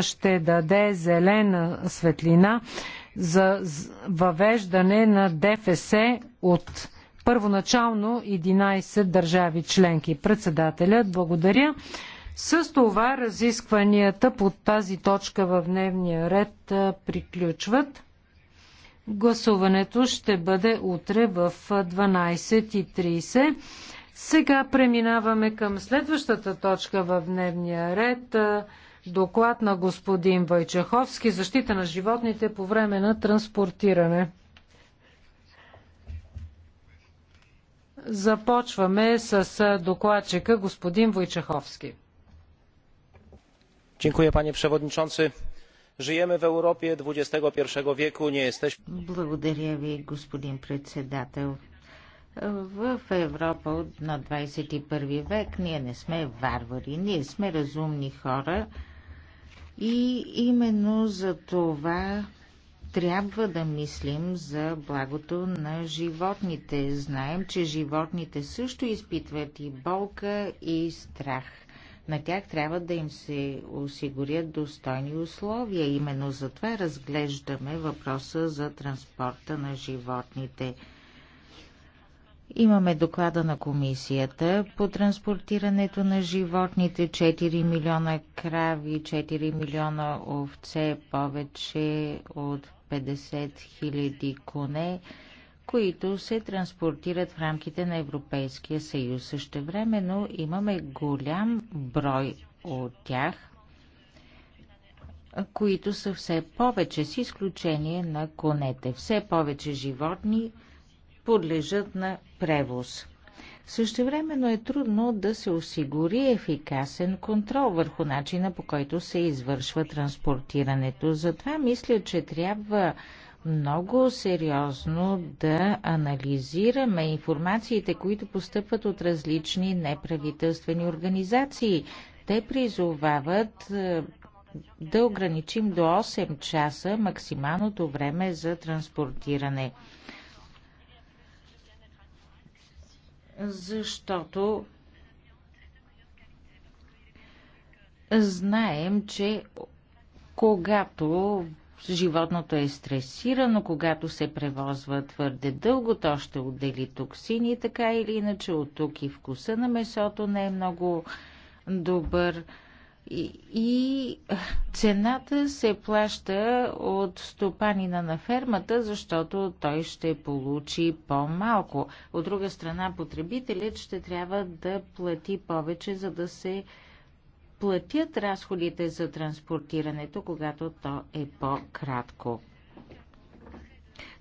ще даде зелена светлина за въвеждане на ДФС от първоначално 11 държави членки. Председателят, благодаря. С това разискванията по тази точка в дневния ред приключват. Гласуването ще бъде утре в 12.30. Сега преминаваме към следващата точка в дневния ред доклад на господин Вайчаховски защита на животните по време на транспортиране. Започваме с докладчика господин Войчаховски. Dziękuję panie przewodniczący. Żyjemy w Europie XXI wieku, nie jesteśmy... Благодаря ви, господин председател. В Европа на 21 век ние не сме варвари, ние сме разумни хора, и именно за това трябва да мислим за благото на животните. Знаем, че животните също изпитват и болка, и страх. На тях трябва да им се осигурят достойни условия. Именно затова разглеждаме въпроса за транспорта на животните – Имаме доклада на комисията по транспортирането на животните 4 милиона крави, 4 милиона овце, повече от 50 хиляди коне, които се транспортират в рамките на Европейския съюз. Същевременно имаме голям брой от тях, които са все повече, с изключение на конете. Все повече животни подлежат на превоз. Същевременно е трудно да се осигури ефикасен контрол върху начина по който се извършва транспортирането. Затова мисля, че трябва много сериозно да анализираме информациите, които постъпват от различни неправителствени организации. Те призовават е, да ограничим до 8 часа максималното време за транспортиране. защото знаем, че когато животното е стресирано, когато се превозва твърде дълго, то ще отдели токсини, така или иначе от тук и вкуса на месото не е много добър и, цената се плаща от стопанина на фермата, защото той ще получи по-малко. От друга страна, потребителят ще трябва да плати повече, за да се платят разходите за транспортирането, когато то е по-кратко.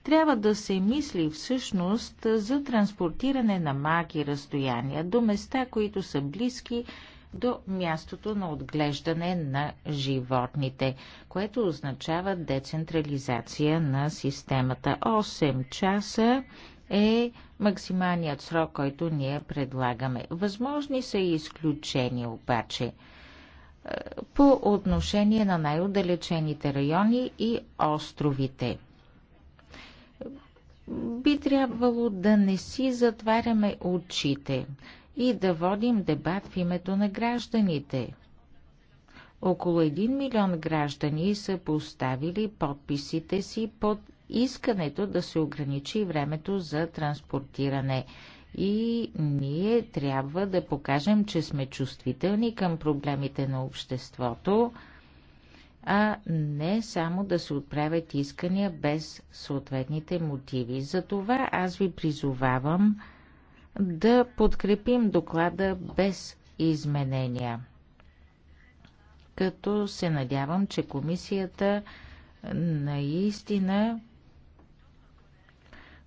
Трябва да се мисли всъщност за транспортиране на маки разстояния до места, които са близки до мястото на отглеждане на животните, което означава децентрализация на системата. 8 часа е максималният срок, който ние предлагаме. Възможни са и изключения обаче е, по отношение на най-отдалечените райони и островите. Би трябвало да не си затваряме очите и да водим дебат в името на гражданите. Около 1 милион граждани са поставили подписите си под искането да се ограничи времето за транспортиране. И ние трябва да покажем, че сме чувствителни към проблемите на обществото, а не само да се отправят искания без съответните мотиви. Затова аз ви призовавам да подкрепим доклада без изменения. Като се надявам, че комисията наистина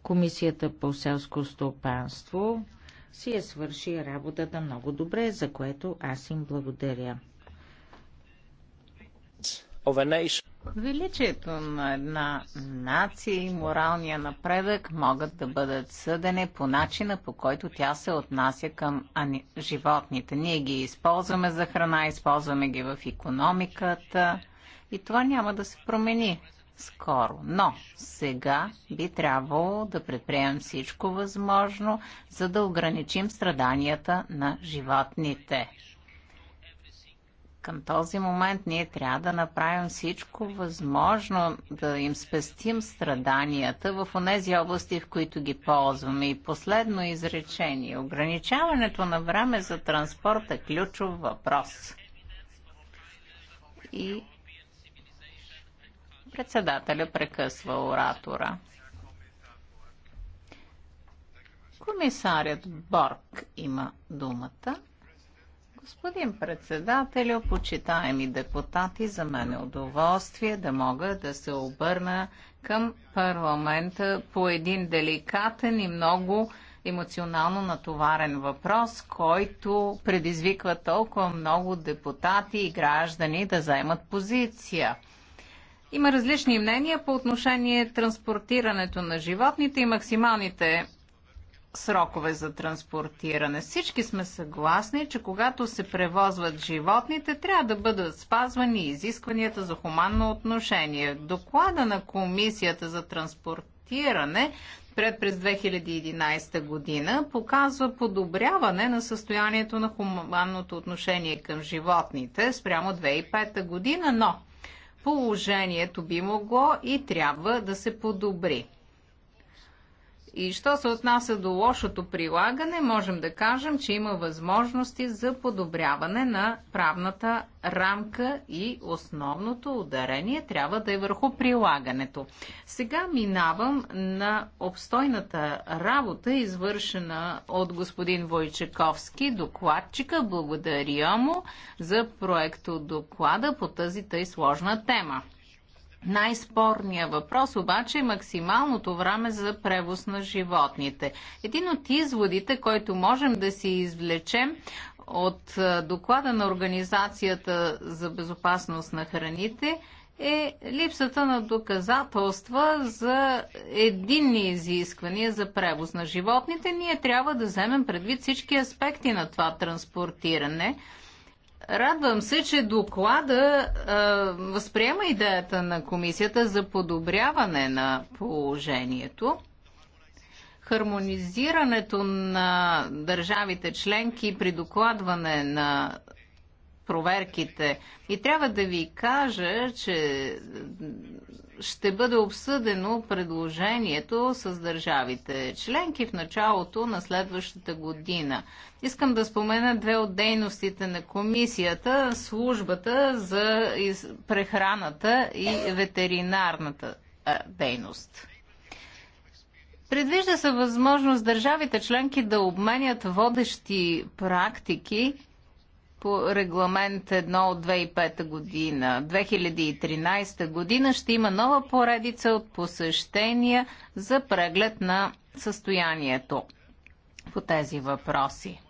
комисията по селско стопанство си е свърши работата много добре, за което аз им благодаря. Величието на една нация и моралния напредък могат да бъдат съдени по начина, по който тя се отнася към животните. Ние ги използваме за храна, използваме ги в економиката и това няма да се промени скоро. Но сега би трябвало да предприемем всичко възможно, за да ограничим страданията на животните. Към този момент ние трябва да направим всичко възможно да им спестим страданията в онези области, в които ги ползваме. И последно изречение. Ограничаването на време за транспорт е ключов въпрос. И председателя прекъсва оратора. Комисарят Борг има думата. Господин председателю, почитаеми депутати, за мен е удоволствие да мога да се обърна към парламента по един деликатен и много емоционално натоварен въпрос, който предизвиква толкова много депутати и граждани да заемат позиция. Има различни мнения по отношение транспортирането на животните и максималните срокове за транспортиране. Всички сме съгласни, че когато се превозват животните, трябва да бъдат спазвани изискванията за хуманно отношение. Доклада на Комисията за транспортиране пред през 2011 година показва подобряване на състоянието на хуманното отношение към животните спрямо 2005 година, но положението би могло и трябва да се подобри. И що се отнася до лошото прилагане, можем да кажем, че има възможности за подобряване на правната рамка и основното ударение трябва да е върху прилагането. Сега минавам на обстойната работа, извършена от господин Войчаковски, докладчика. Благодаря му за проекто доклада по тази тъй сложна тема. Най-спорният въпрос обаче е максималното време за превоз на животните. Един от изводите, който можем да си извлечем от доклада на Организацията за безопасност на храните е липсата на доказателства за единни изисквания за превоз на животните. Ние трябва да вземем предвид всички аспекти на това транспортиране Радвам се, че доклада а, възприема идеята на комисията за подобряване на положението. Хармонизирането на държавите членки при докладване на проверките. И трябва да ви кажа, че ще бъде обсъдено предложението с държавите членки в началото на следващата година. Искам да спомена две от дейностите на комисията службата за прехраната и ветеринарната дейност. Предвижда се възможност държавите членки да обменят водещи практики по регламент 1 от 2005 година. 2013 година ще има нова поредица от посещения за преглед на състоянието по тези въпроси.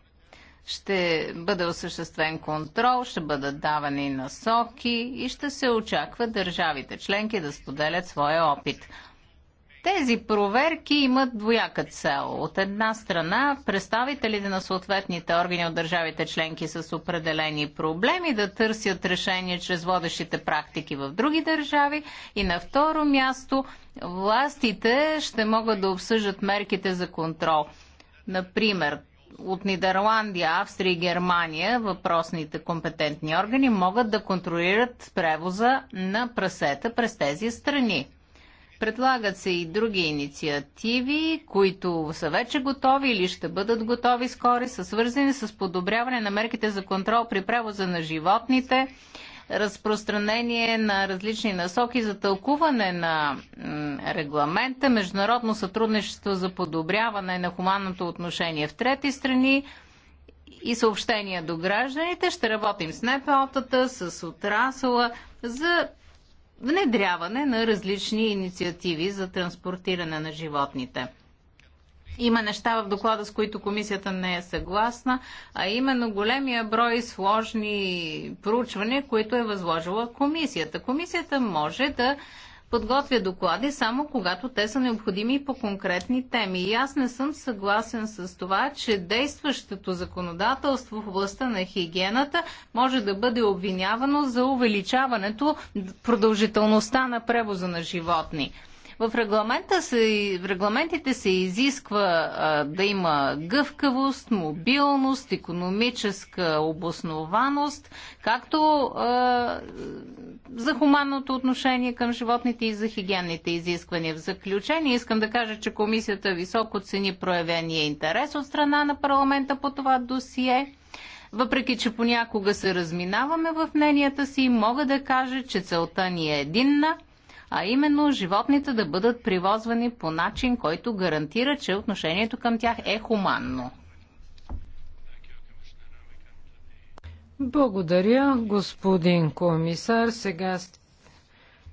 Ще бъде осъществен контрол, ще бъдат давани насоки и ще се очаква държавите членки да споделят своя опит. Тези проверки имат двояка цел. От една страна, представителите на съответните органи от държавите членки с определени проблеми да търсят решение чрез водещите практики в други държави. И на второ място, властите ще могат да обсъждат мерките за контрол. Например, от Нидерландия, Австрия и Германия въпросните компетентни органи могат да контролират превоза на прасета през тези страни. Предлагат се и други инициативи, които са вече готови или ще бъдат готови скоро, са свързани с подобряване на мерките за контрол при превоза на животните, разпространение на различни насоки за тълкуване на регламента, международно сътрудничество за подобряване на хуманното отношение в трети страни и съобщения до гражданите. Ще работим с НПО-тата, с отрасъла за внедряване на различни инициативи за транспортиране на животните. Има неща в доклада, с които комисията не е съгласна, а именно големия брой сложни проучвания, които е възложила комисията. Комисията може да подготвя доклади само когато те са необходими по конкретни теми. И аз не съм съгласен с това, че действащото законодателство в областта на хигиената може да бъде обвинявано за увеличаването продължителността на превоза на животни. В, регламента се, в регламентите се изисква а, да има гъвкавост, мобилност, економическа обоснованост, както а, за хуманното отношение към животните и за хигиенните изисквания. В заключение искам да кажа, че комисията високо цени проявения интерес от страна на парламента по това досие. Въпреки, че понякога се разминаваме в мненията си, мога да кажа, че целта ни е единна – а именно животните да бъдат привозвани по начин, който гарантира, че отношението към тях е хуманно. Благодаря, господин комисар. Сега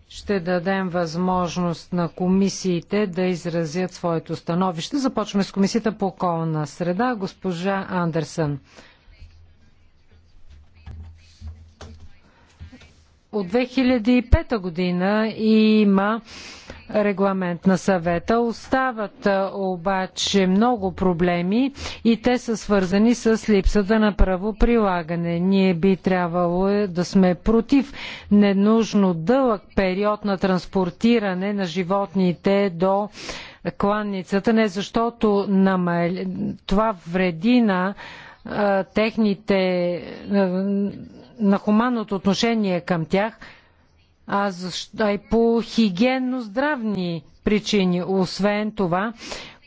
ще дадем възможност на комисиите да изразят своето становище. Започваме с комисията по околна среда, госпожа Андерсън. От 2005 година има регламент на съвета. Остават обаче много проблеми и те са свързани с липсата на правоприлагане. Ние би трябвало е, да сме против ненужно дълъг период на транспортиране на животните до кланницата, не защото това вреди на техните на хуманното отношение към тях, а, защо, и по хигиенно-здравни причини. Освен това,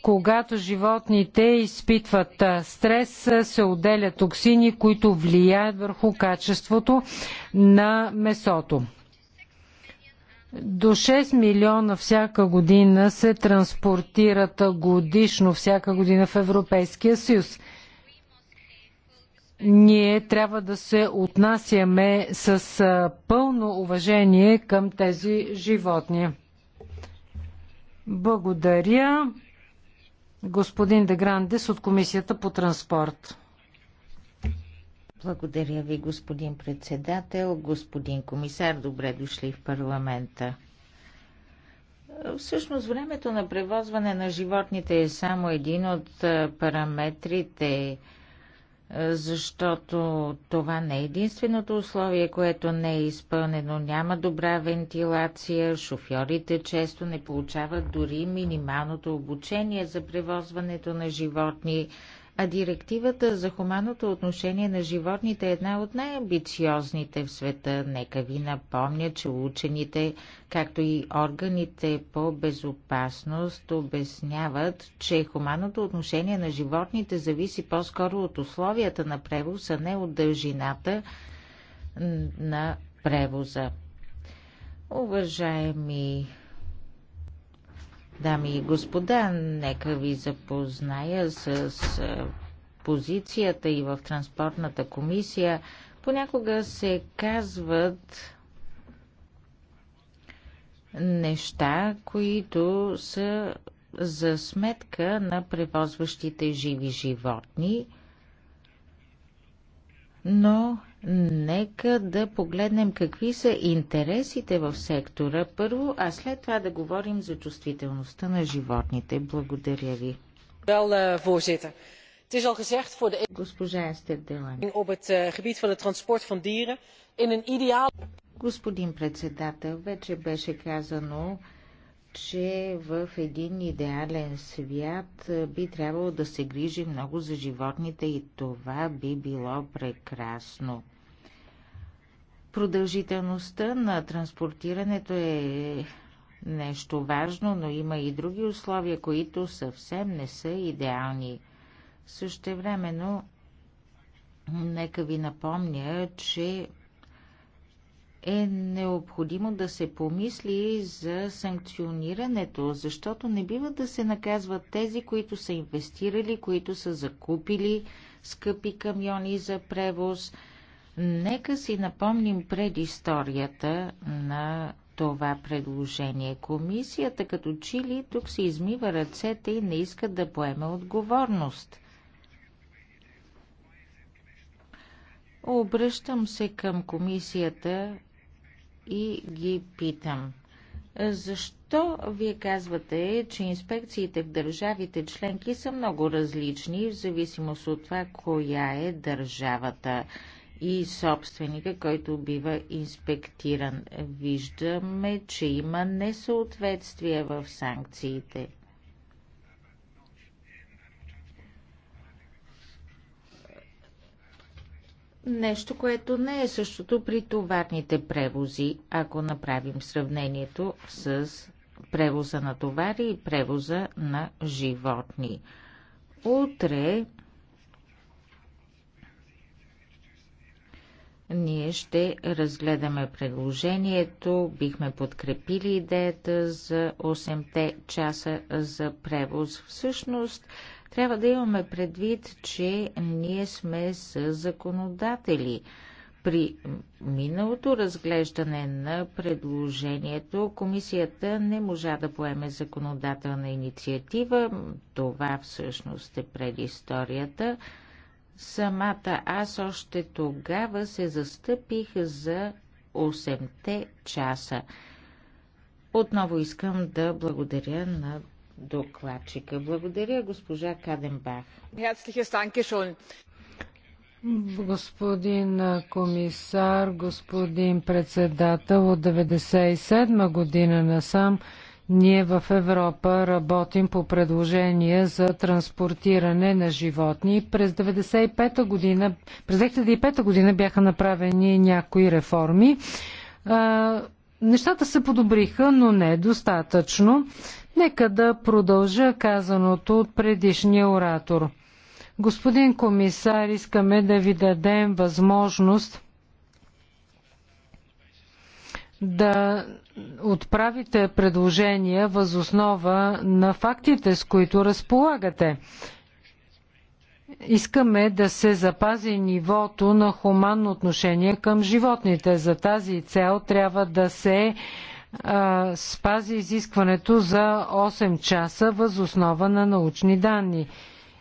когато животните изпитват стрес, се отделят токсини, които влияят върху качеството на месото. До 6 милиона всяка година се транспортират годишно всяка година в Европейския съюз ние трябва да се отнасяме с пълно уважение към тези животни. Благодаря. Господин Деграндес от Комисията по транспорт. Благодаря ви, господин председател, господин комисар. Добре дошли в парламента. Всъщност времето на превозване на животните е само един от параметрите защото това не е единственото условие, което не е изпълнено. Няма добра вентилация, шофьорите често не получават дори минималното обучение за превозването на животни, а директивата за хуманото отношение на животните е една от най-амбициозните в света. Нека ви напомня, че учените, както и органите по безопасност, обясняват, че хуманото отношение на животните зависи по-скоро от условията на превоз, а не от дължината на превоза. Уважаеми Дами и господа, нека ви запозная с позицията и в Транспортната комисия. Понякога се казват неща, които са за сметка на превозващите живи животни – но нека да погледнем какви са интересите в сектора първо, а след това да говорим за чувствителността на животните. Благодаря ви. Eh, e- Госпожа Естер Делан. Господин председател, вече беше казано, че в един идеален свят би трябвало да се грижи много за животните и това би било прекрасно. Продължителността на транспортирането е нещо важно, но има и други условия, които съвсем не са идеални. Същевременно, нека ви напомня, че е необходимо да се помисли за санкционирането, защото не бива да се наказват тези, които са инвестирали, които са закупили скъпи камиони за превоз. Нека си напомним предисторията на това предложение. Комисията като чили тук се измива ръцете и не иска да поеме отговорност. Обръщам се към комисията и ги питам. Защо вие казвате, че инспекциите в държавите членки са много различни в зависимост от това, коя е държавата и собственика, който бива инспектиран? Виждаме, че има несъответствие в санкциите. Нещо, което не е същото при товарните превози, ако направим сравнението с превоза на товари и превоза на животни. Утре ние ще разгледаме предложението, бихме подкрепили идеята за 8 часа за превоз. Всъщност, трябва да имаме предвид, че ние сме с законодатели. При миналото разглеждане на предложението комисията не можа да поеме законодателна инициатива. Това всъщност е предисторията. Самата аз още тогава се застъпих за 8-те часа. Отново искам да благодаря на докладчика. Благодаря, госпожа Каденбах. Господин комисар, господин председател, от 1997 година насам ние в Европа работим по предложение за транспортиране на животни. През 1995 година, през 2005 година бяха направени някои реформи. нещата се подобриха, но не е достатъчно. Нека да продължа казаното от предишния оратор. Господин комисар, искаме да ви дадем възможност да отправите предложения възоснова на фактите, с които разполагате. Искаме да се запази нивото на хуманно отношение към животните. За тази цел трябва да се спази изискването за 8 часа въз основа на научни данни.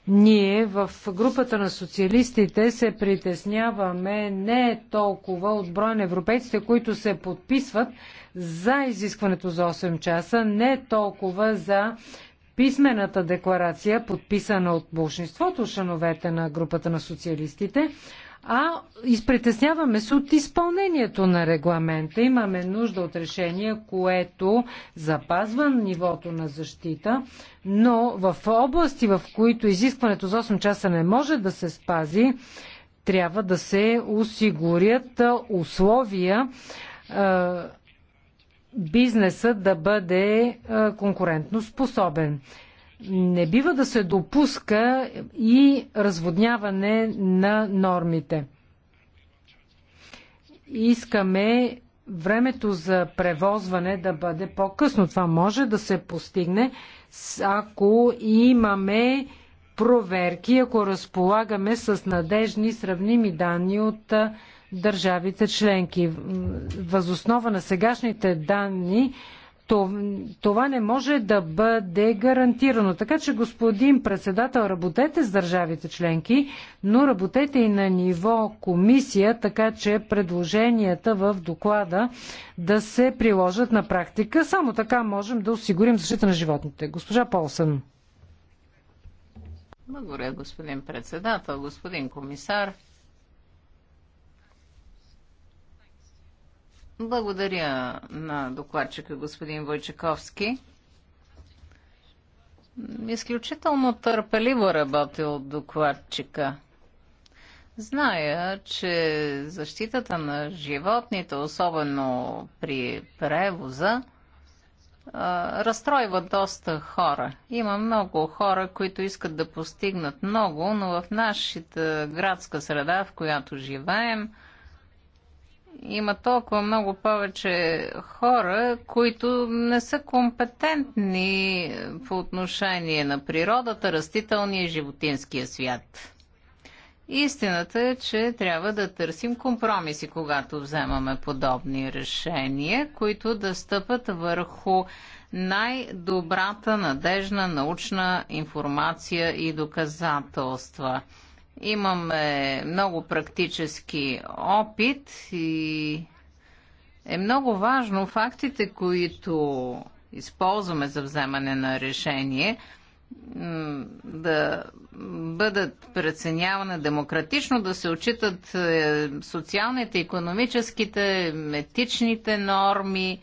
Ние в групата на социалистите се притесняваме не толкова от броя на европейците, които се подписват за изискването за 8 часа, не толкова за писмената декларация, подписана от большинството шановете на групата на социалистите, а изпритесняваме се от изпълнението на регламента. Имаме нужда от решение, което запазва нивото на защита, но в области, в които изискването за 8 часа не може да се спази, трябва да се осигурят условия бизнеса да бъде конкурентно способен. Не бива да се допуска и разводняване на нормите. Искаме времето за превозване да бъде по-късно. Това може да се постигне, ако имаме проверки, ако разполагаме с надежни сравними данни от държавите членки. Възоснова на сегашните данни това не може да бъде гарантирано. Така че, господин председател, работете с държавите членки, но работете и на ниво комисия, така че предложенията в доклада да се приложат на практика. Само така можем да осигурим защита на животните. Госпожа Полсън. Благодаря, господин председател, господин комисар. Благодаря на докладчика господин Войчаковски. Изключително търпеливо работил докладчика. Зная, че защитата на животните, особено при превоза, разстройва доста хора. Има много хора, които искат да постигнат много, но в нашата градска среда, в която живеем, има толкова много повече хора, които не са компетентни по отношение на природата, растителния и животинския свят. Истината е, че трябва да търсим компромиси, когато вземаме подобни решения, които да стъпат върху най-добрата надежна научна информация и доказателства. Имаме много практически опит и е много важно фактите, които използваме за вземане на решение, да бъдат преценявани демократично, да се отчитат е, социалните, економическите, етичните норми,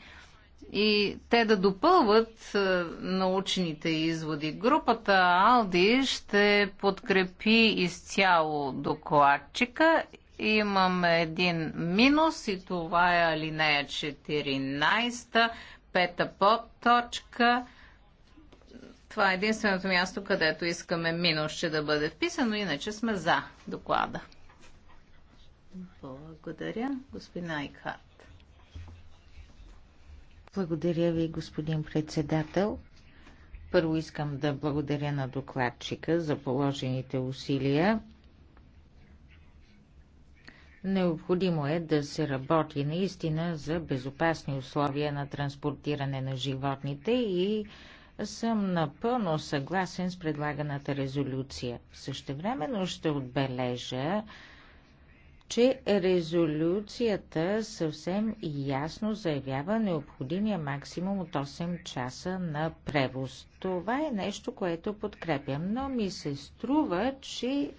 и те да допълват е, научните изводи. Групата Алди ще подкрепи изцяло докладчика. Имаме един минус и това е алинея 14, пета подточка. Това е единственото място, където искаме минус, ще да бъде вписано, иначе сме за доклада. Благодаря, господин Айкхарт. Благодаря ви, господин председател. Първо искам да благодаря на докладчика за положените усилия. Необходимо е да се работи наистина за безопасни условия на транспортиране на животните и съм напълно съгласен с предлаганата резолюция. Същевременно ще отбележа, че резолюцията съвсем ясно заявява необходимия максимум от 8 часа на превоз. Това е нещо, което подкрепям, но ми се струва, че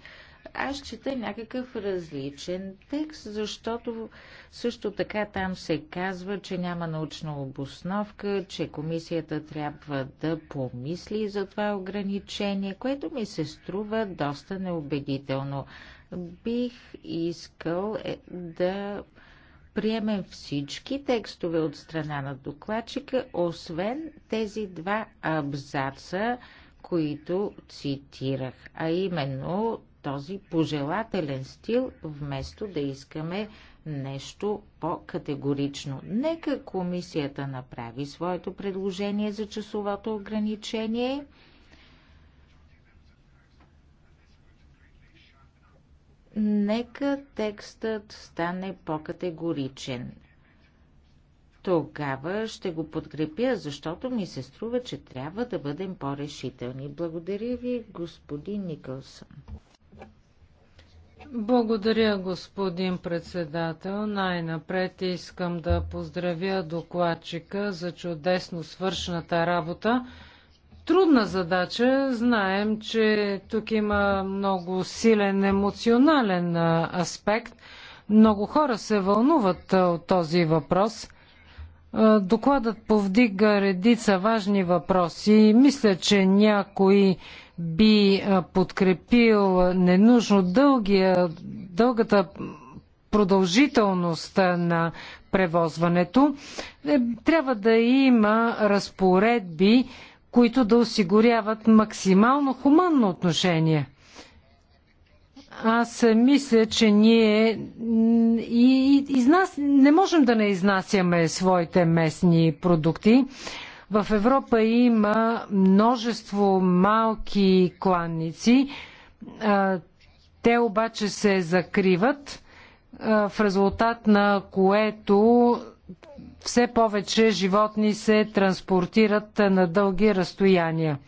аз чета някакъв различен текст, защото също така там се казва, че няма научна обосновка, че комисията трябва да помисли за това ограничение, което ми се струва доста неубедително. Бих искал е да приемем всички текстове от страна на докладчика, освен тези два абзаца, които цитирах, а именно този пожелателен стил, вместо да искаме нещо по-категорично. Нека комисията направи своето предложение за часовото ограничение – нека текстът стане по-категоричен. Тогава ще го подкрепя, защото ми се струва, че трябва да бъдем по-решителни. Благодаря ви, господин Никълсън. Благодаря, господин председател. Най-напред искам да поздравя докладчика за чудесно свършната работа трудна задача. Знаем, че тук има много силен емоционален аспект. Много хора се вълнуват от този въпрос. Докладът повдига редица важни въпроси. Мисля, че някой би подкрепил ненужно дългия, дългата продължителност на превозването. Е, трябва да има разпоредби, които да осигуряват максимално хуманно отношение. Аз мисля, че ние и, и, нас не можем да не изнасяме своите местни продукти. В Европа има множество малки кланници. Те обаче се закриват, в резултат на което все повече животни се транспортират на дълги разстояния.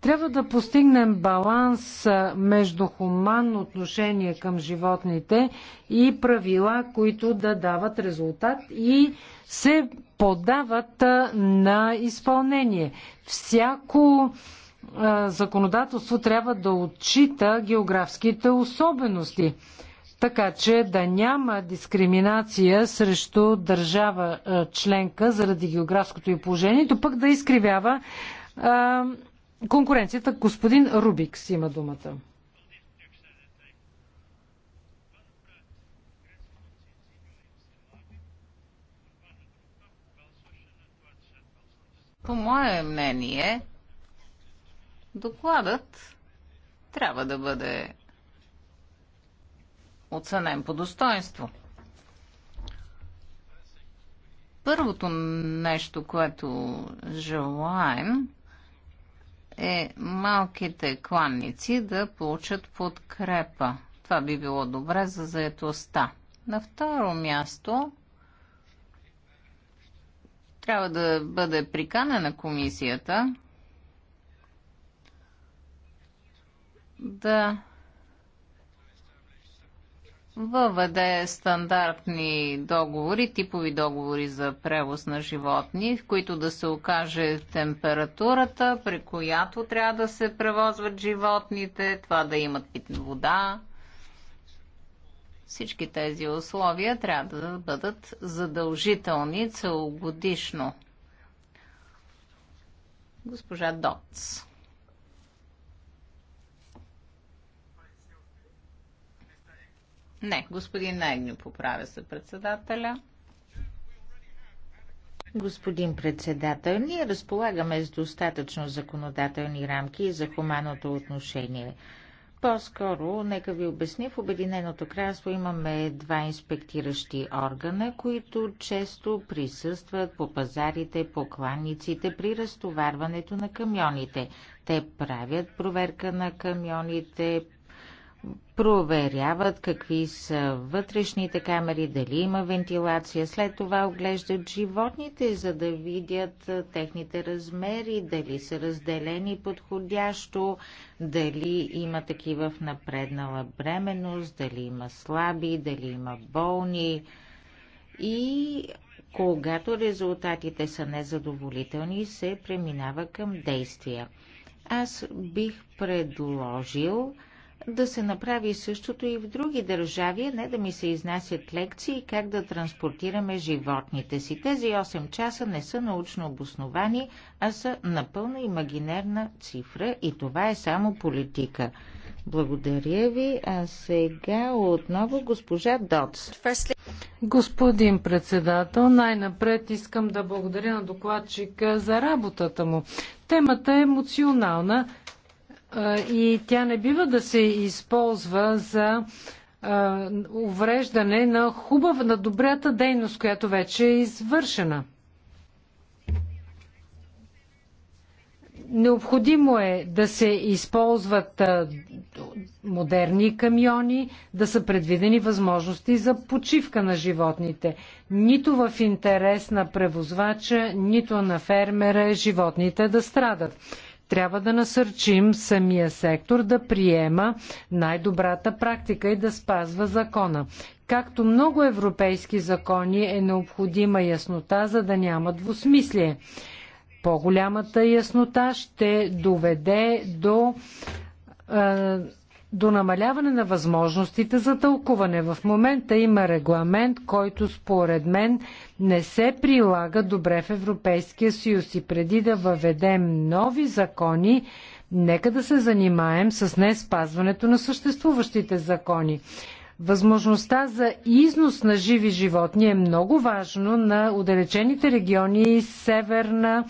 Трябва да постигнем баланс между хуманно отношение към животните и правила, които да дават резултат и се подават на изпълнение. Всяко законодателство трябва да отчита географските особености така че да няма дискриминация срещу държава членка заради географското и то пък да изкривява а, конкуренцията. Господин Рубикс има думата. По мое мнение, докладът трябва да бъде оценен по достоинство. Първото нещо, което желаем, е малките кланници да получат подкрепа. Това би било добре за заетостта. На второ място трябва да бъде приканена комисията да въведе стандартни договори, типови договори за превоз на животни, в които да се окаже температурата, при която трябва да се превозват животните, това да имат питна вода. Всички тези условия трябва да бъдат задължителни целогодишно. Госпожа Доц. Не, господин Найгню поправя се председателя. Господин председател, ние разполагаме с достатъчно законодателни рамки за хуманното отношение. По-скоро, нека ви обясня, в Обединеното кралство имаме два инспектиращи органа, които често присъстват по пазарите, по кланниците при разтоварването на камионите. Те правят проверка на камионите, проверяват какви са вътрешните камери, дали има вентилация. След това оглеждат животните, за да видят техните размери, дали са разделени подходящо, дали има такива в напреднала бременност, дали има слаби, дали има болни. И когато резултатите са незадоволителни, се преминава към действия. Аз бих предложил да се направи същото и в други държави, не да ми се изнасят лекции как да транспортираме животните си. Тези 8 часа не са научно обосновани, а са напълно имагинерна цифра и това е само политика. Благодаря ви. А сега отново госпожа Доц. Господин председател, най-напред искам да благодаря на докладчика за работата му. Темата е емоционална и тя не бива да се използва за увреждане на хубава, на добрата дейност, която вече е извършена. Необходимо е да се използват модерни камиони, да са предвидени възможности за почивка на животните. Нито в интерес на превозвача, нито на фермера животните да страдат. Трябва да насърчим самия сектор да приема най-добрата практика и да спазва закона. Както много европейски закони е необходима яснота, за да няма двусмислие. По-голямата яснота ще доведе до до намаляване на възможностите за тълкуване. В момента има регламент, който според мен не се прилага добре в Европейския съюз и преди да въведем нови закони, нека да се занимаем с не спазването на съществуващите закони. Възможността за износ на живи животни е много важно на отдалечените региони Северна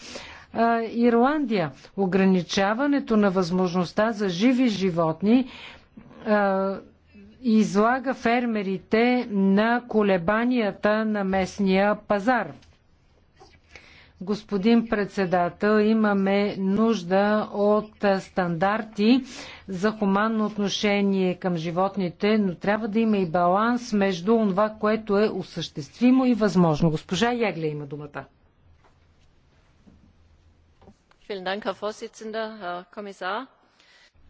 Ирландия. Ограничаването на възможността за живи животни излага фермерите на колебанията на местния пазар. Господин председател, имаме нужда от стандарти за хуманно отношение към животните, но трябва да има и баланс между това, което е осъществимо и възможно. Госпожа Ягле има думата. Herr Herr Kommissar.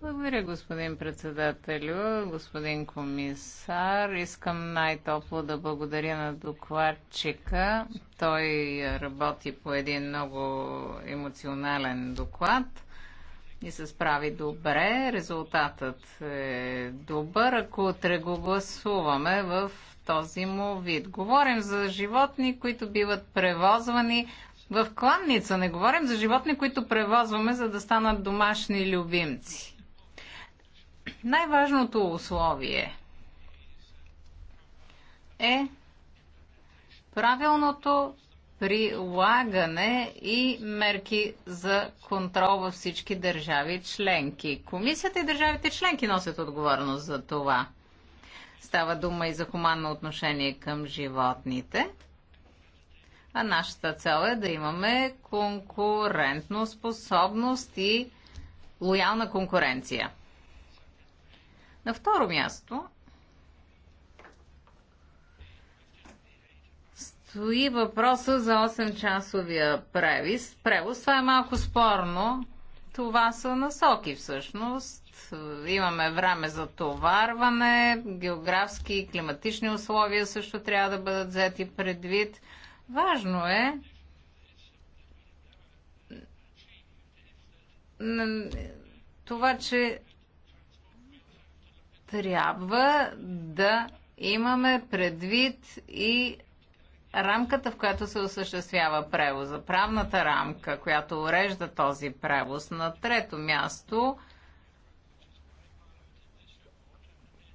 Благодаря, господин председателю, господин комисар. Искам най-топло да благодаря на докладчика. Той работи по един много емоционален доклад и се справи добре. Резултатът е добър, ако утре го гласуваме в този му вид. Говорим за животни, които биват превозвани в кланница. Не говорим за животни, които превозваме, за да станат домашни любимци. Най-важното условие е правилното прилагане и мерки за контрол във всички държави членки. Комисията и държавите членки носят отговорност за това. Става дума и за хуманно отношение към животните – а нашата цел е да имаме конкурентно способност и лоялна конкуренция. На второ място стои въпроса за 8-часовия превис. Превоз, това е малко спорно. Това са насоки всъщност. Имаме време за товарване, географски и климатични условия също трябва да бъдат взети предвид – Важно е това, че трябва да имаме предвид и рамката, в която се осъществява превоза, правната рамка, която урежда този превоз. На трето място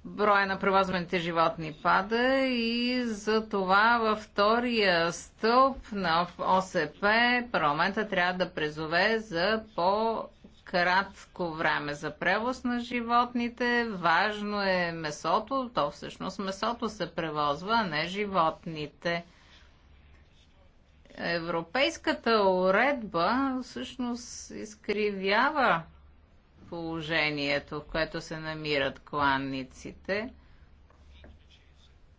броя на превозваните животни пада и за това във втория стълб на ОСП парламента трябва да призове за по кратко време за превоз на животните. Важно е месото, то всъщност месото се превозва, а не животните. Европейската уредба всъщност изкривява положението, в което се намират кланниците.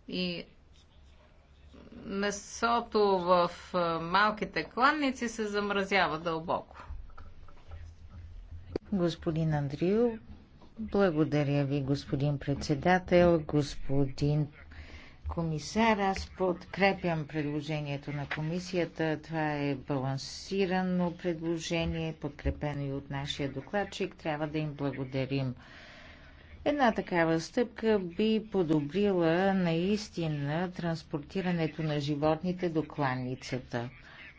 И месото в малките кланници се замразява дълбоко. Господин Андрио, благодаря ви, господин председател, господин комисар. Аз подкрепям предложението на комисията. Това е балансирано предложение, подкрепено и от нашия докладчик. Трябва да им благодарим. Една такава стъпка би подобрила наистина транспортирането на животните до кланицата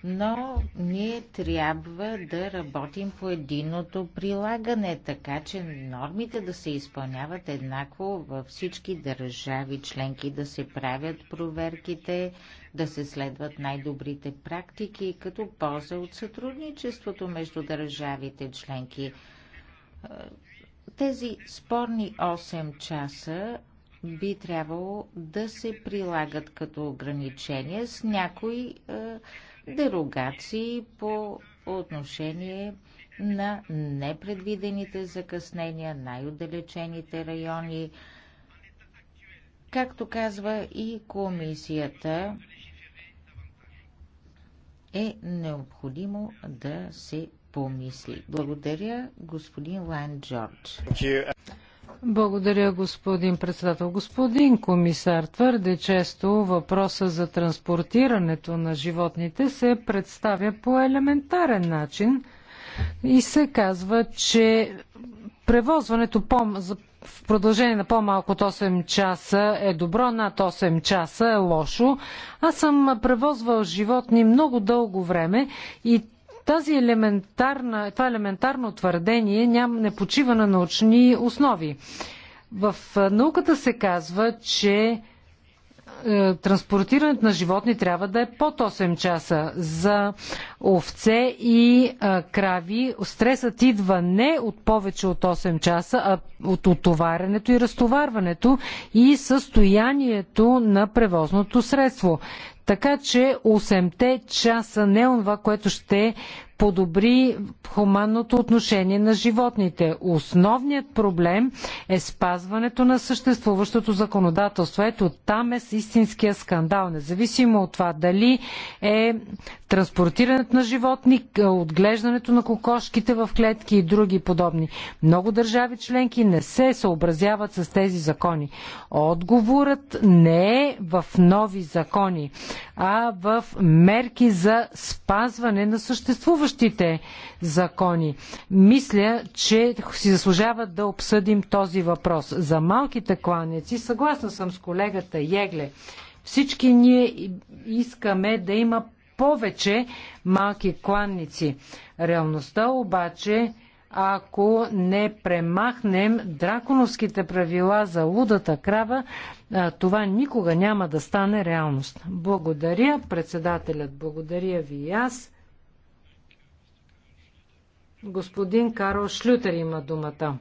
но ние трябва да работим по единното прилагане, така че нормите да се изпълняват еднакво във всички държави членки, да се правят проверките, да се следват най-добрите практики, като полза от сътрудничеството между държавите членки. Тези спорни 8 часа би трябвало да се прилагат като ограничения с някои е, дерогации по отношение на непредвидените закъснения, най-отдалечените райони. Както казва и комисията, е необходимо да се помисли. Благодаря, господин Лайн Джордж. Благодаря, господин председател. Господин комисар, твърде често въпроса за транспортирането на животните се представя по елементарен начин и се казва, че превозването по, в продължение на по-малко от 8 часа е добро, над 8 часа е лошо. Аз съм превозвал животни много дълго време и тази елементарна, това елементарно твърдение ням, не почива на научни основи. В науката се казва, че е, транспортирането на животни трябва да е под 8 часа. За овце и а, крави стресът идва не от повече от 8 часа, а от отоварянето и разтоварването и състоянието на превозното средство. Така че 8-те часа не е това, което ще подобри хуманното отношение на животните. Основният проблем е спазването на съществуващото законодателство. Ето там е истинския скандал. Независимо от това дали е транспортирането на животни, отглеждането на кокошките в клетки и други подобни. Много държави членки не се съобразяват с тези закони. Отговорът не е в нови закони, а в мерки за спазване на съществуващото следващите закони. Мисля, че си заслужава да обсъдим този въпрос. За малките кланици, съгласна съм с колегата Егле, всички ние искаме да има повече малки кланници. Реалността обаче, ако не премахнем драконовските правила за лудата крава, това никога няма да стане реалност. Благодаря, председателят, благодаря ви и аз. Господин Карл Шлютер има думата.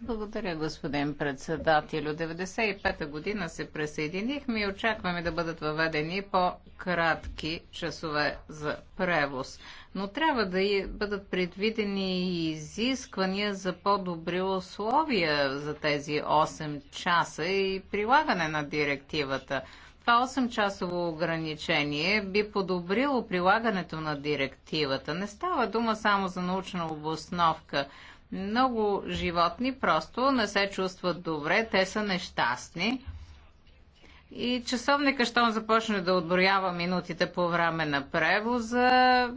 Благодаря, господин председател. 95-та година се присъединихме и очакваме да бъдат въведени по-кратки часове за превоз. Но трябва да бъдат предвидени и изисквания за по-добри условия за тези 8 часа и прилагане на директивата. Това 8-часово ограничение би подобрило прилагането на директивата. Не става дума само за научна обосновка. Много животни просто не се чувстват добре, те са нещастни. И часовника, щом започне да отброява минутите по време на превоза,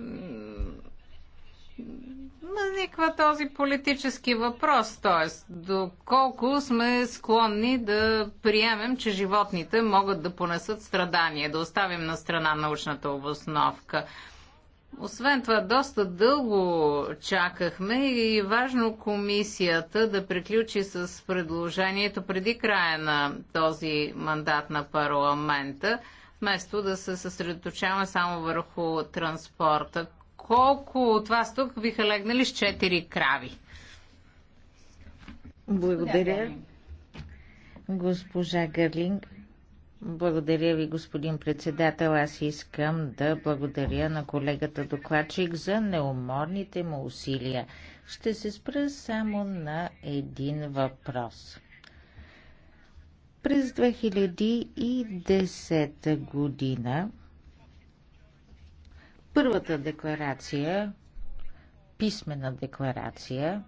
възниква този политически въпрос, т.е. доколко сме склонни да приемем, че животните могат да понесат страдания, да оставим на страна научната обосновка. Освен това, доста дълго чакахме и важно комисията да приключи с предложението преди края на този мандат на парламента, вместо да се съсредоточаваме само върху транспорта колко от вас тук биха легнали с четири крави? Благодаря. Госпожа Гърлинг, благодаря ви, господин председател. Аз искам да благодаря на колегата докладчик за неуморните му усилия. Ще се спра само на един въпрос. През 2010 година Първата декларация, писмена декларация,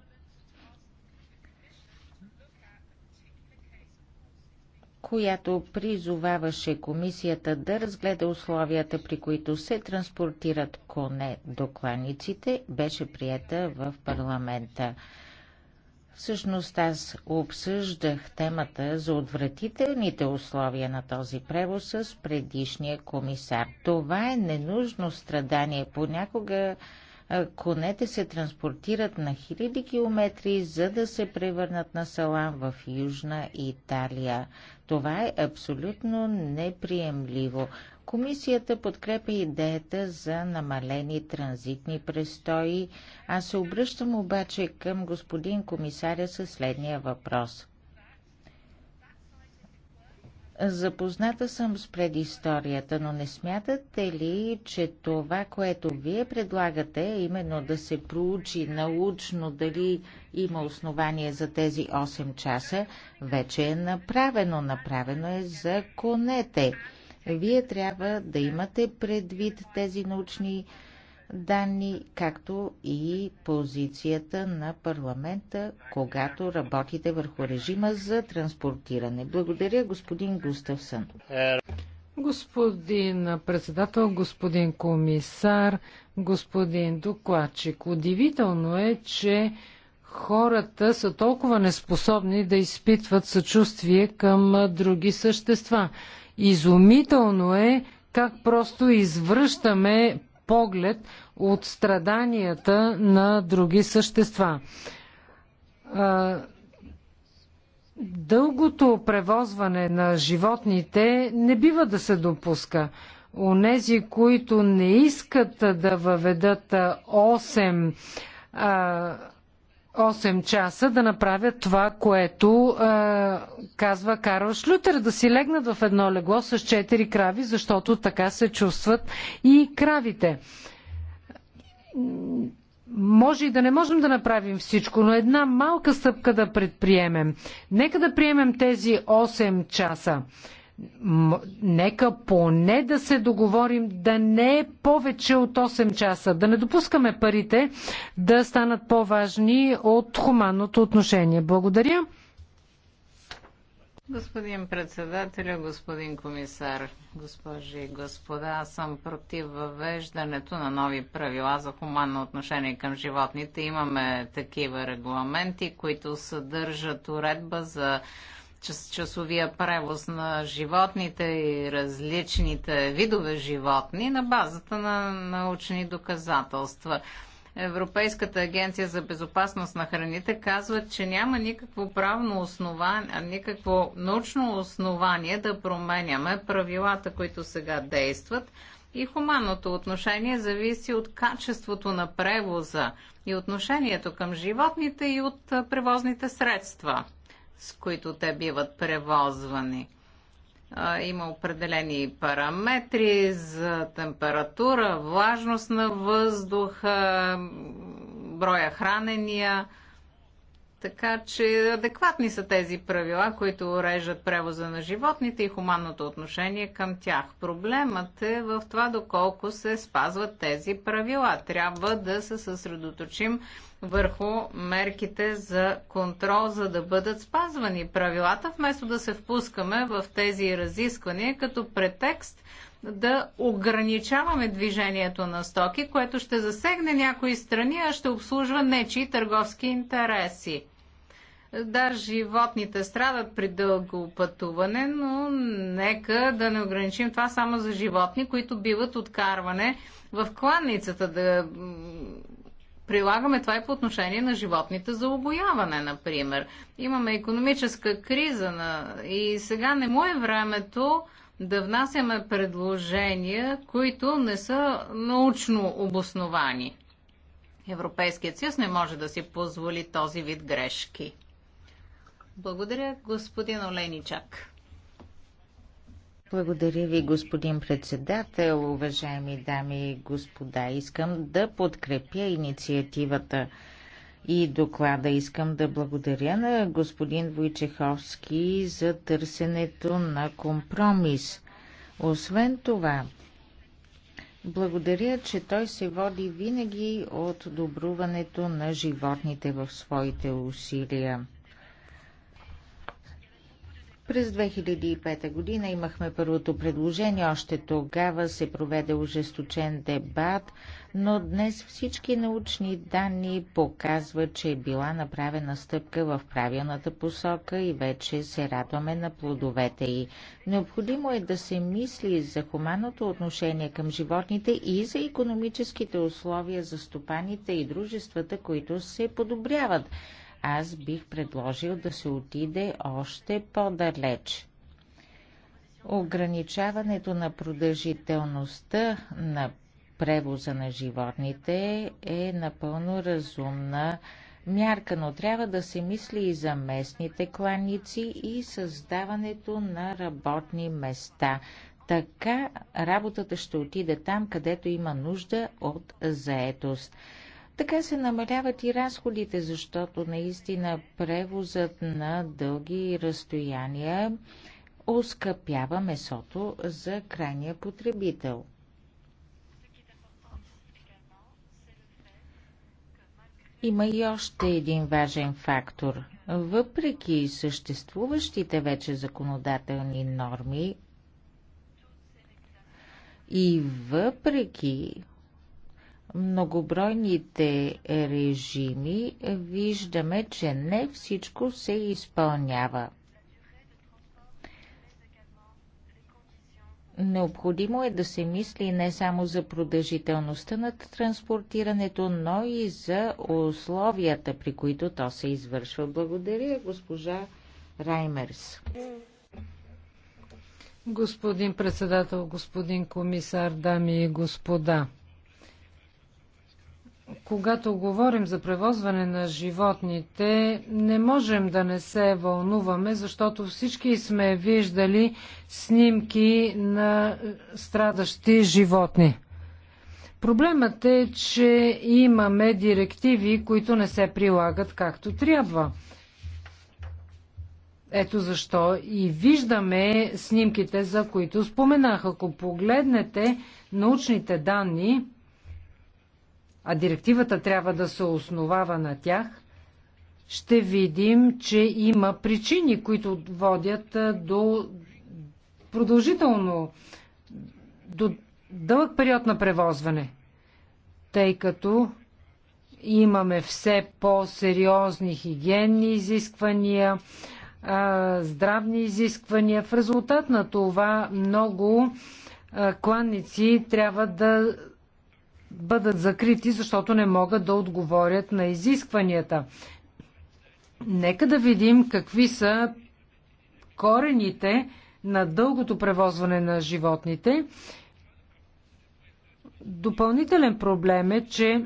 която призоваваше комисията да разгледа условията, при които се транспортират коне до кланиците, беше приета в парламента. Всъщност аз обсъждах темата за отвратителните условия на този превоз с предишния комисар. Това е ненужно страдание. Понякога Конете се транспортират на хиляди километри, за да се превърнат на салам в Южна Италия. Това е абсолютно неприемливо. Комисията подкрепя идеята за намалени транзитни престои. Аз се обръщам обаче към господин комисаря със следния въпрос. Запозната съм с предисторията, но не смятате ли, че това, което вие предлагате, е именно да се проучи научно дали има основание за тези 8 часа, вече е направено. Направено е за конете. Вие трябва да имате предвид тези научни данни, както и позицията на парламента, когато работите върху режима за транспортиране. Благодаря, господин Густавсън. Господин председател, господин комисар, господин докладчик, удивително е, че хората са толкова неспособни да изпитват съчувствие към други същества. Изумително е как просто извръщаме поглед от страданията на други същества. Дългото превозване на животните не бива да се допуска. Онези, които не искат да въведат 8 а, 8 часа да направят това, което е, казва Карл Шлютер, да си легнат в едно легло с 4 крави, защото така се чувстват и кравите. Може и да не можем да направим всичко, но една малка стъпка да предприемем. Нека да приемем тези 8 часа нека поне да се договорим да не е повече от 8 часа, да не допускаме парите да станат по-важни от хуманното отношение. Благодаря. Господин председател, господин комисар, госпожи и господа, аз съм против въвеждането на нови правила за хуманно отношение към животните. Имаме такива регламенти, които съдържат уредба за часовия превоз на животните и различните видове животни на базата на научни доказателства. Европейската агенция за безопасност на храните казва, че няма никакво правно основание, никакво научно основание да променяме правилата, които сега действат. И хуманното отношение зависи от качеството на превоза и отношението към животните и от превозните средства с които те биват превозвани. Има определени параметри за температура, влажност на въздуха, броя хранения. Така че адекватни са тези правила, които уреждат превоза на животните и хуманното отношение към тях. Проблемът е в това доколко се спазват тези правила. Трябва да се съсредоточим върху мерките за контрол, за да бъдат спазвани правилата, вместо да се впускаме в тези разисквания като претекст да ограничаваме движението на стоки, което ще засегне някои страни, а ще обслужва нечи търговски интереси. Да, животните страдат при дълго пътуване, но нека да не ограничим това само за животни, които биват откарване в кланницата, да прилагаме това и по отношение на животните за обояване, например. Имаме економическа криза на... и сега не му е времето да внасяме предложения, които не са научно обосновани. Европейският съюз не може да си позволи този вид грешки. Благодаря, господин Оленичак. Благодаря ви, господин председател, уважаеми дами и господа. Искам да подкрепя инициативата и доклада. Искам да благодаря на господин Войчеховски за търсенето на компромис. Освен това, благодаря, че той се води винаги от добруването на животните в своите усилия. През 2005 година имахме първото предложение, още тогава се проведе ожесточен дебат, но днес всички научни данни показват, че е била направена стъпка в правилната посока и вече се радваме на плодовете й. Необходимо е да се мисли за хуманното отношение към животните и за економическите условия за стопаните и дружествата, които се подобряват аз бих предложил да се отиде още по-далеч. Ограничаването на продължителността на превоза на животните е напълно разумна мярка, но трябва да се мисли и за местните кланици и създаването на работни места. Така работата ще отиде там, където има нужда от заетост. Така се намаляват и разходите, защото наистина превозът на дълги разстояния оскъпява месото за крайния потребител. Има и още един важен фактор. Въпреки съществуващите вече законодателни норми и въпреки многобройните режими виждаме, че не всичко се изпълнява. Необходимо е да се мисли не само за продължителността на транспортирането, но и за условията, при които то се извършва. Благодаря, госпожа Раймерс. Господин председател, господин комисар, дами и господа когато говорим за превозване на животните, не можем да не се вълнуваме, защото всички сме виждали снимки на страдащи животни. Проблемът е, че имаме директиви, които не се прилагат както трябва. Ето защо и виждаме снимките, за които споменах. Ако погледнете научните данни, а директивата трябва да се основава на тях, ще видим, че има причини, които водят до продължително, до дълъг период на превозване, тъй като имаме все по-сериозни хигиенни изисквания, здравни изисквания. В резултат на това много кланници трябва да бъдат закрити, защото не могат да отговорят на изискванията. Нека да видим какви са корените на дългото превозване на животните. Допълнителен проблем е, че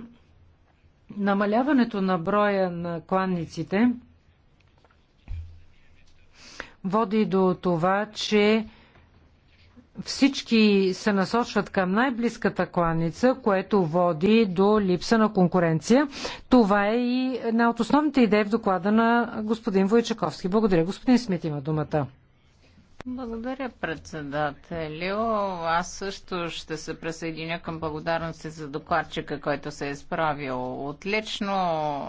намаляването на броя на кланниците води до това, че всички се насочват към най-близката кланица, което води до липса на конкуренция. Това е и една от основните идеи в доклада на господин Войчаковски. Благодаря. Господин Смит има думата. Благодаря, председателю. Аз също ще се присъединя към благодарности за докладчика, който се е справил отлично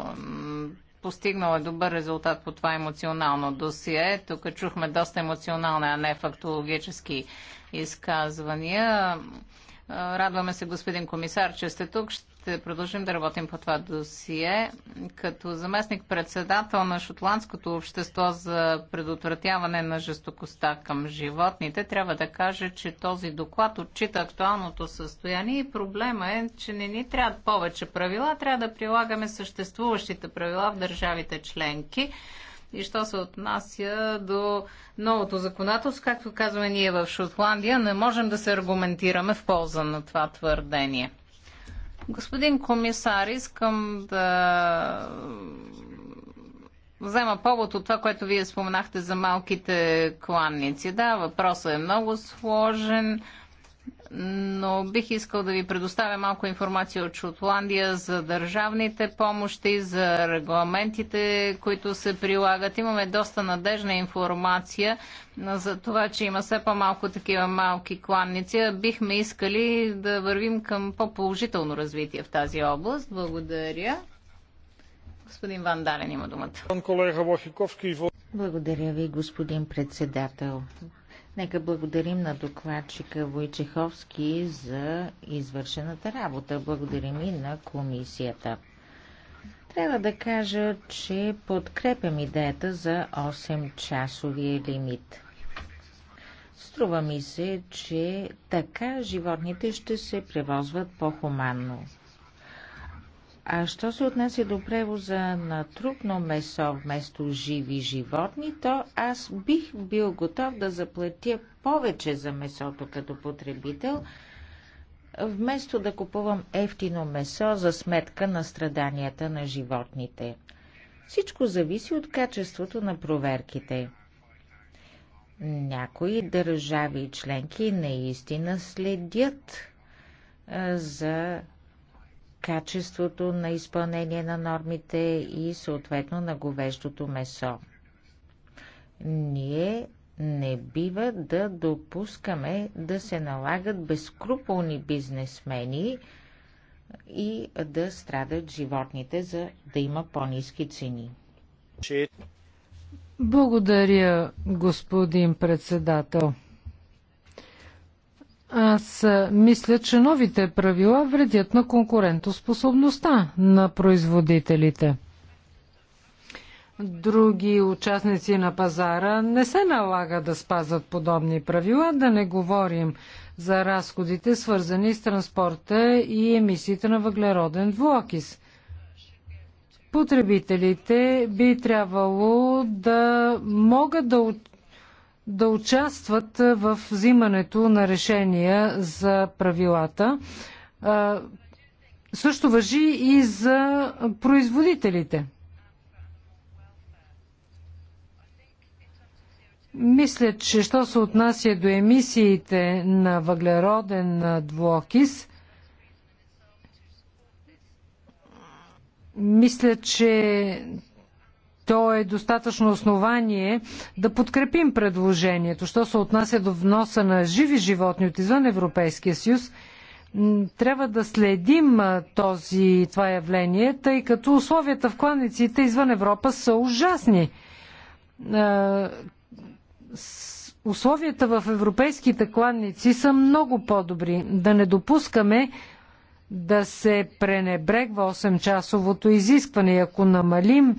постигнал е добър резултат по това емоционално досие. Тук чухме доста емоционални, а не фактологически изказвания. Радваме се, господин комисар, че сте тук. Ще продължим да работим по това досие. Като заместник-председател на Шотландското общество за предотвратяване на жестокостта към животните, трябва да кажа, че този доклад отчита актуалното състояние и проблема е, че не ни трябват повече правила, трябва да прилагаме съществуващите правила в държавите членки и що се отнася до новото законодателство, както казваме ние в Шотландия, не можем да се аргументираме в полза на това твърдение. Господин комисар, искам да взема повод от това, което вие споменахте за малките кланници. Да, въпросът е много сложен но бих искал да ви предоставя малко информация от Шотландия за държавните помощи, за регламентите, които се прилагат. Имаме доста надежна информация за това, че има все по-малко такива малки кланници. Бихме искали да вървим към по-положително развитие в тази област. Благодаря. Господин Ван Дален има думата. Благодаря ви, господин председател. Нека благодарим на докладчика Войчеховски за извършената работа. Благодарим и на комисията. Трябва да кажа, че подкрепям идеята за 8-часовия лимит. Струва ми се, че така животните ще се превозват по-хуманно. А що се отнася до превоза на трупно месо вместо живи животни, то аз бих бил готов да заплатя повече за месото като потребител, вместо да купувам ефтино месо за сметка на страданията на животните. Всичко зависи от качеството на проверките. Някои държави и членки наистина следят за качеството на изпълнение на нормите и съответно на говеждото месо. Ние не бива да допускаме да се налагат безкруполни бизнесмени и да страдат животните, за да има по-низки цени. Благодаря, господин председател. Аз мисля, че новите правила вредят на конкурентоспособността на производителите. Други участници на пазара не се налага да спазват подобни правила, да не говорим за разходите, свързани с транспорта и емисиите на въглероден двуокис. Потребителите би трябвало да могат да да участват в взимането на решения за правилата. Също въжи и за производителите. Мисля, че що се отнася до емисиите на въглероден двуокис, мисля, че то е достатъчно основание да подкрепим предложението. Що се отнася до вноса на живи животни от извън Европейския съюз, трябва да следим този, това явление, тъй като условията в кланиците извън Европа са ужасни. Условията в европейските кланници са много по-добри. Да не допускаме да се пренебрегва 8-часовото изискване. Ако намалим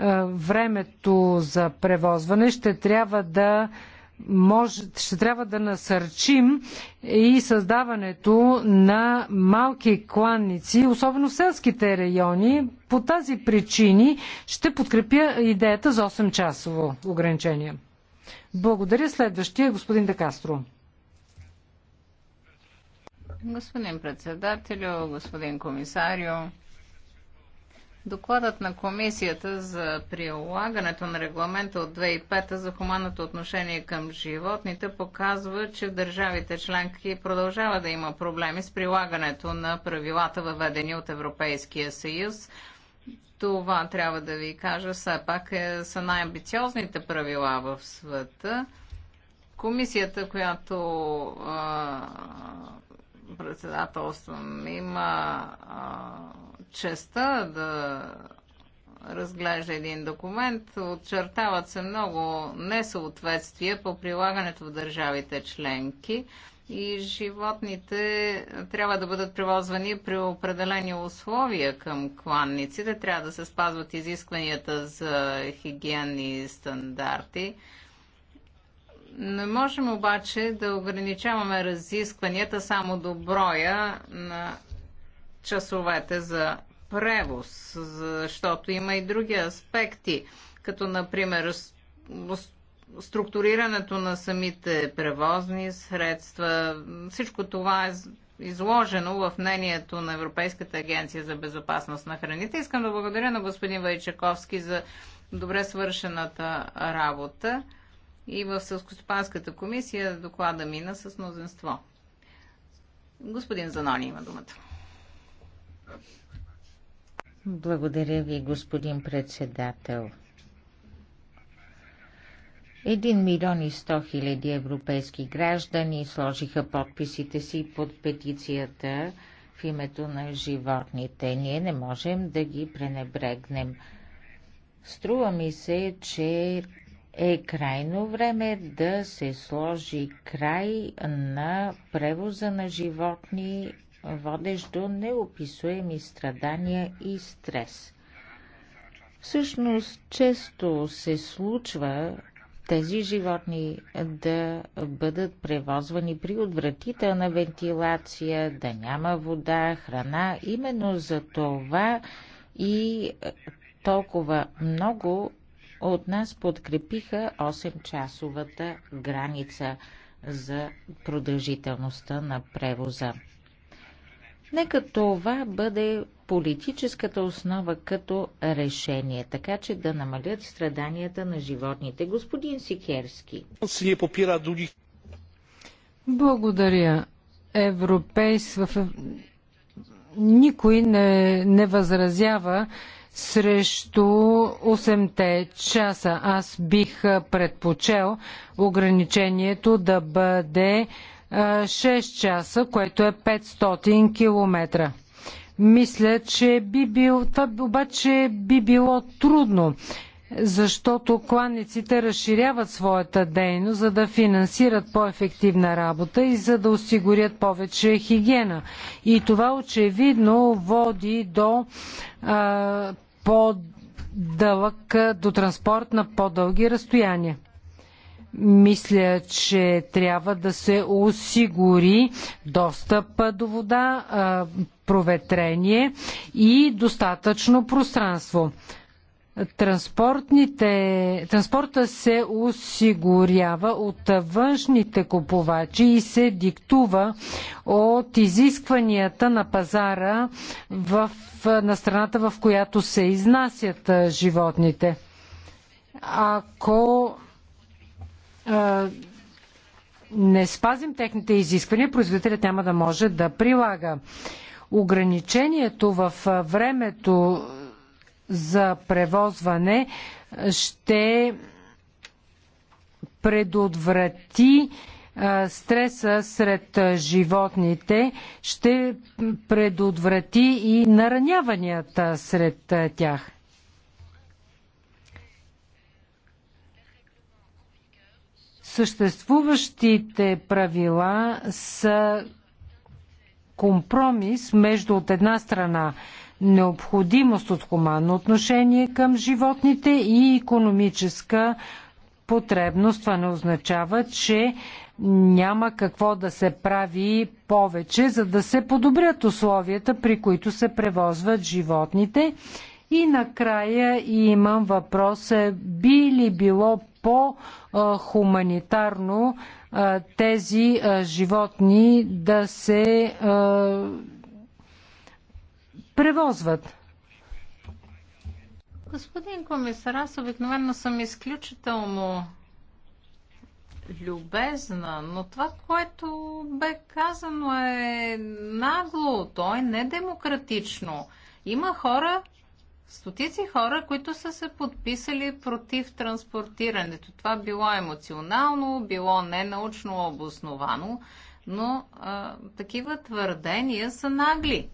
е, времето за превозване, ще трябва да може, ще трябва да насърчим и създаването на малки кланници, особено в селските райони. По тази причини ще подкрепя идеята за 8-часово ограничение. Благодаря. Следващия е господин Декастро. Господин председателю, господин комисарио, Докладът на комисията за прилагането на регламента от 2005 за хуманното отношение към животните показва, че в държавите членки продължава да има проблеми с прилагането на правилата въведени от Европейския съюз. Това трябва да ви кажа, все пак е, са най-амбициозните правила в света. Комисията, която а, председателствам, има а, честа да разглежда един документ. Отчертават се много несъответствия по прилагането в държавите членки и животните трябва да бъдат привозвани при определени условия към кланниците. Трябва да се спазват изискванията за хигиенни стандарти. Не можем обаче да ограничаваме разискванията само до броя на часовете за превоз, защото има и други аспекти, като например структурирането на самите превозни средства. Всичко това е изложено в мнението на Европейската агенция за безопасност на храните. Искам да благодаря на господин Вайчаковски за добре свършената работа и в Сълскостопанската комисия доклада мина с мнозинство. Господин Занони има думата. Благодаря ви, господин председател. Един милион и сто хиляди европейски граждани сложиха подписите си под петицията в името на животните. Ние не можем да ги пренебрегнем. Струва ми се, че е крайно време да се сложи край на превоза на животни водещ до неописуеми страдания и стрес. Всъщност, често се случва тези животни да бъдат превозвани при отвратителна вентилация, да няма вода, храна. Именно за това и толкова много от нас подкрепиха 8-часовата граница за продължителността на превоза. Нека това бъде политическата основа като решение, така че да намалят страданията на животните. Господин Сикерски. Благодаря. Европейс в... Никой не, не възразява срещу 8-те часа. Аз бих предпочел ограничението да бъде 6 часа, което е 500 км. Мисля, че би било, това обаче би било трудно, защото кланниците разширяват своята дейност, за да финансират по-ефективна работа и за да осигурят повече хигиена. И това очевидно води до а, по-дълъг, до транспорт на по-дълги разстояния. Мисля, че трябва да се осигури достъп до вода, проветрение и достатъчно пространство. Транспортните, транспорта се осигурява от външните купувачи и се диктува от изискванията на пазара в, на страната, в която се изнасят животните. Ако не спазим техните изисквания, производителят няма да може да прилага. Ограничението в времето за превозване ще предотврати стреса сред животните, ще предотврати и нараняванията сред тях. Съществуващите правила са компромис между от една страна необходимост от хуманно отношение към животните и економическа потребност. Това не означава, че няма какво да се прави повече, за да се подобрят условията, при които се превозват животните. И накрая имам въпрос. Е, би ли било по-хуманитарно тези животни да се превозват. Господин комисар, аз обикновено съм изключително любезна, но това, което бе казано е нагло, то е недемократично. Има хора, стотици хора, които са се подписали против транспортирането. Това било емоционално, било ненаучно обосновано, но а, такива твърдения са нагли.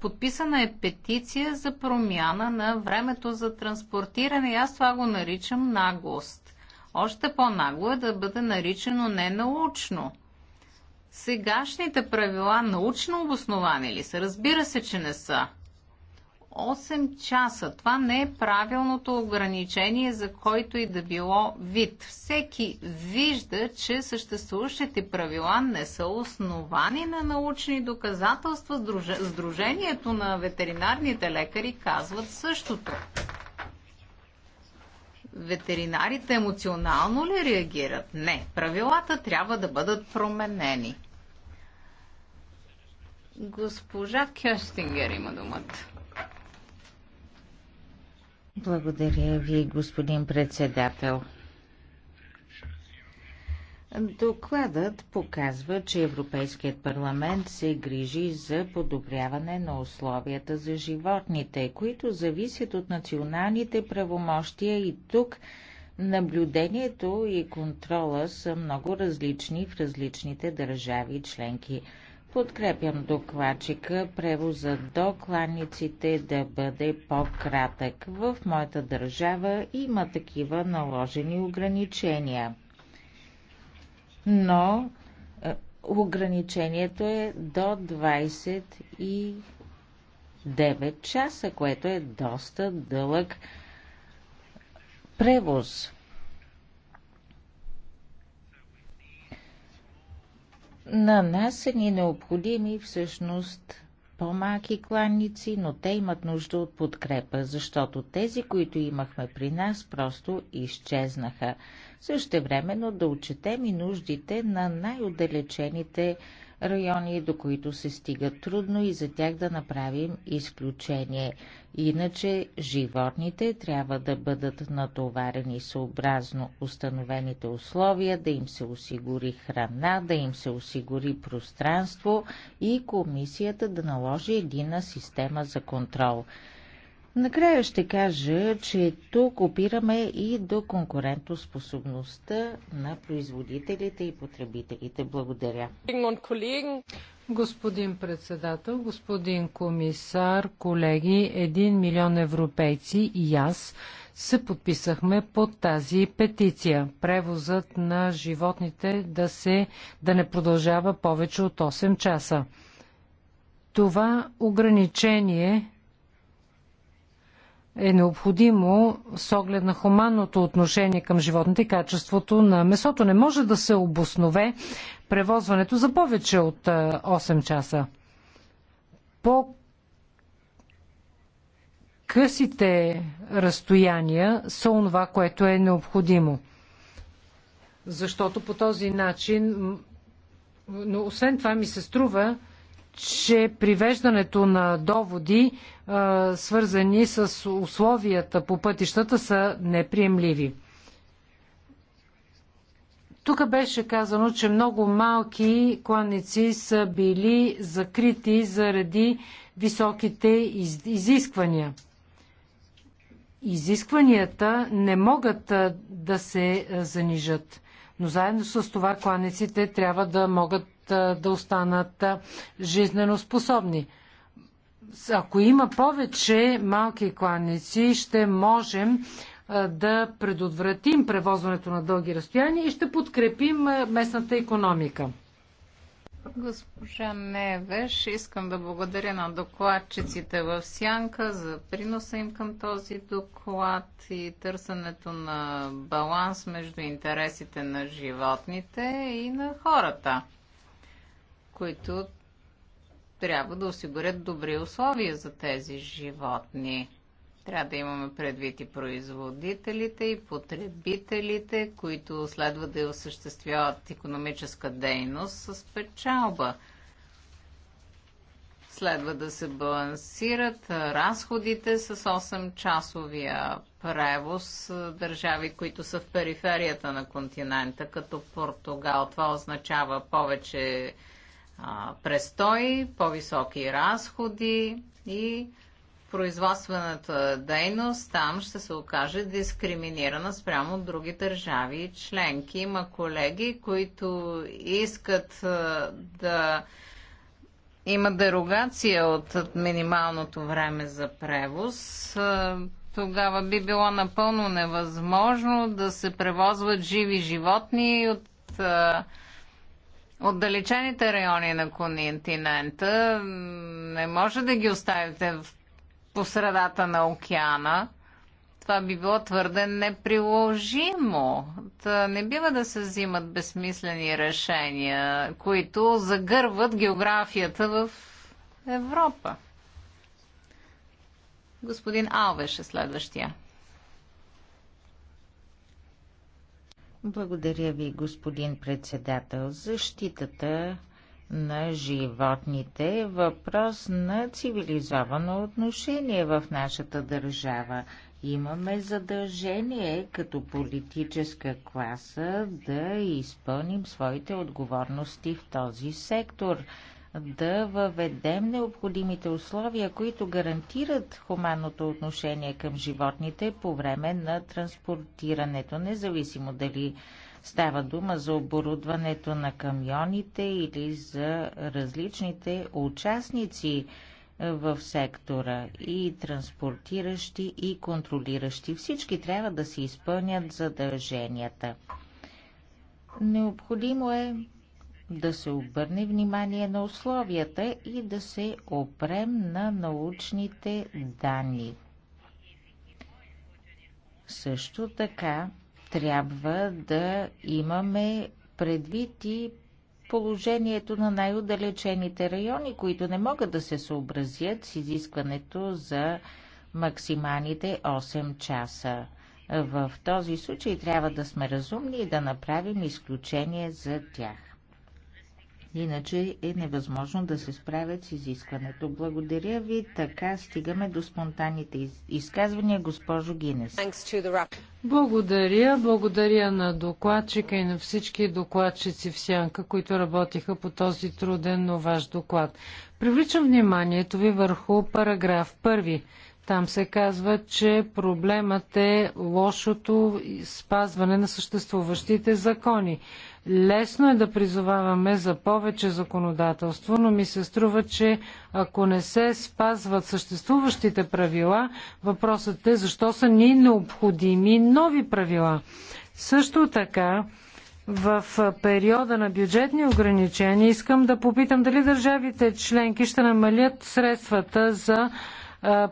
Подписана е петиция за промяна на времето за транспортиране и аз това го наричам наглост. Още по-нагло е да бъде наричано ненаучно. Сегашните правила научно обосновани ли са? Разбира се, че не са. 8 часа. Това не е правилното ограничение, за който и да било вид. Всеки вижда, че съществуващите правила не са основани на научни доказателства. Сдружението на ветеринарните лекари казват същото. Ветеринарите емоционално ли реагират? Не. Правилата трябва да бъдат променени. Госпожа Кьостингер има думата. Благодаря ви, господин председател. Докладът показва, че Европейският парламент се грижи за подобряване на условията за животните, които зависят от националните правомощия и тук наблюдението и контрола са много различни в различните държави членки. Подкрепям докладчика превоза до кланиците да бъде по-кратък. В моята държава има такива наложени ограничения. Но е, ограничението е до 29 часа, което е доста дълъг превоз. На нас са ни необходими всъщност по-малки кланници, но те имат нужда от подкрепа, защото тези, които имахме при нас, просто изчезнаха. времено да отчетем и нуждите на най-отдалечените райони, до които се стига трудно и за тях да направим изключение. Иначе животните трябва да бъдат натоварени съобразно установените условия, да им се осигури храна, да им се осигури пространство и комисията да наложи едина система за контрол. Накрая ще кажа, че тук опираме и до конкурентоспособността на производителите и потребителите. Благодаря. Господин председател, господин комисар, колеги, един милион европейци и аз се подписахме под тази петиция. Превозът на животните да, се, да не продължава повече от 8 часа. Това ограничение е необходимо с оглед на хуманното отношение към животните и качеството на месото. Не може да се обоснове превозването за повече от 8 часа. По късите разстояния са онова, което е необходимо. Защото по този начин, но освен това ми се струва, че привеждането на доводи, свързани с условията по пътищата, са неприемливи. Тук беше казано, че много малки кланици са били закрити заради високите изисквания. Изискванията не могат да се занижат, но заедно с това кланиците трябва да могат да останат жизненоспособни. Ако има повече малки кланици, ще можем да предотвратим превозването на дълги разстояния и ще подкрепим местната економика. Госпожа Невеш, искам да благодаря на докладчиците в Сянка за приноса им към този доклад и търсенето на баланс между интересите на животните и на хората които трябва да осигурят добри условия за тези животни. Трябва да имаме предвид и производителите, и потребителите, които следва да осъществяват економическа дейност с печалба. Следва да се балансират разходите с 8-часовия превоз държави, които са в периферията на континента, като Португал. Това означава повече престой, по-високи разходи и производствената дейност там ще се окаже дискриминирана спрямо от други държави и членки. Има колеги, които искат да има дерогация от минималното време за превоз. Тогава би било напълно невъзможно да се превозват живи животни от отдалечените райони на континента. Не може да ги оставите в по средата на океана. Това би било твърде неприложимо. Та не бива да се взимат безсмислени решения, които загърват географията в Европа. Господин Алвеш е следващия. Благодаря ви, господин председател. Защитата на животните е въпрос на цивилизовано отношение в нашата държава. Имаме задължение като политическа класа да изпълним своите отговорности в този сектор да въведем необходимите условия, които гарантират хуманното отношение към животните по време на транспортирането, независимо дали става дума за оборудването на камионите или за различните участници в сектора и транспортиращи и контролиращи. Всички трябва да се изпълнят задълженията. Необходимо е да се обърне внимание на условията и да се опрем на научните данни. Също така трябва да имаме предвид и положението на най удалечените райони, които не могат да се съобразят с изискването за максималните 8 часа. В този случай трябва да сме разумни и да направим изключение за тях. Иначе е невъзможно да се справят с изискването. Благодаря ви. Така стигаме до спонтанните из... изказвания, госпожо Гинес. Благодаря. Благодаря на докладчика и на всички докладчици в Сянка, които работиха по този труден, но ваш доклад. Привличам вниманието ви върху параграф първи. Там се казва, че проблемът е лошото спазване на съществуващите закони. Лесно е да призоваваме за повече законодателство, но ми се струва, че ако не се спазват съществуващите правила, въпросът е защо са ни необходими нови правила. Също така, в периода на бюджетни ограничения искам да попитам дали държавите членки ще намалят средствата за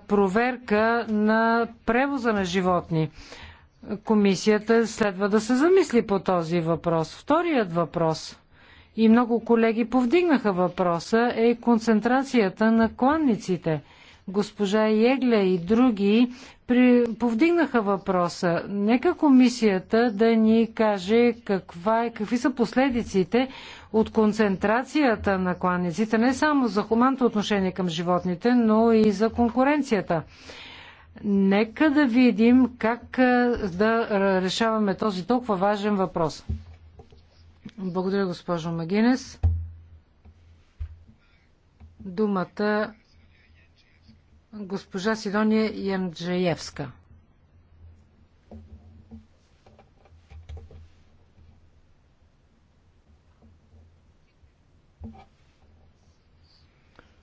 проверка на превоза на животни комисията следва да се замисли по този въпрос. Вторият въпрос и много колеги повдигнаха въпроса е концентрацията на кланниците. Госпожа Егле и други при... повдигнаха въпроса. Нека комисията да ни каже каква е, какви са последиците от концентрацията на кланниците, не само за хуманто отношение към животните, но и за конкуренцията. Нека да видим как да решаваме този толкова важен въпрос. Благодаря, госпожо Магинес. Думата госпожа Сидония Янджеевска.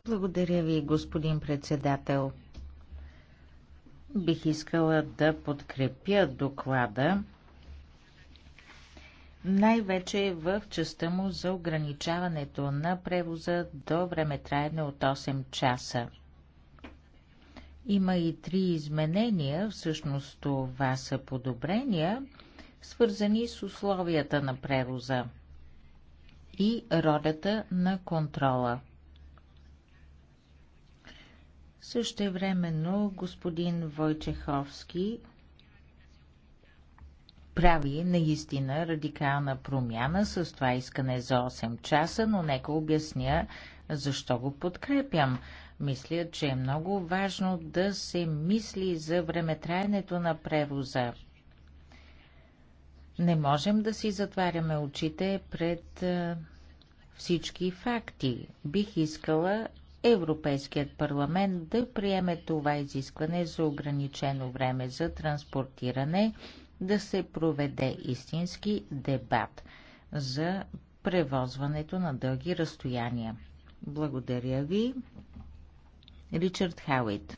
Благодаря ви, господин председател бих искала да подкрепя доклада най-вече в частта му за ограничаването на превоза до време траяне от 8 часа. Има и три изменения, всъщност това са подобрения, свързани с условията на превоза и ролята на контрола – Същевременно господин Войчеховски прави наистина радикална промяна с това искане за 8 часа, но нека обясня защо го подкрепям. Мисля, че е много важно да се мисли за времетраенето на превоза. Не можем да си затваряме очите пред всички факти. Бих искала Европейският парламент да приеме това изискване за ограничено време за транспортиране, да се проведе истински дебат за превозването на дълги разстояния. Благодаря ви. Ричард Хауит.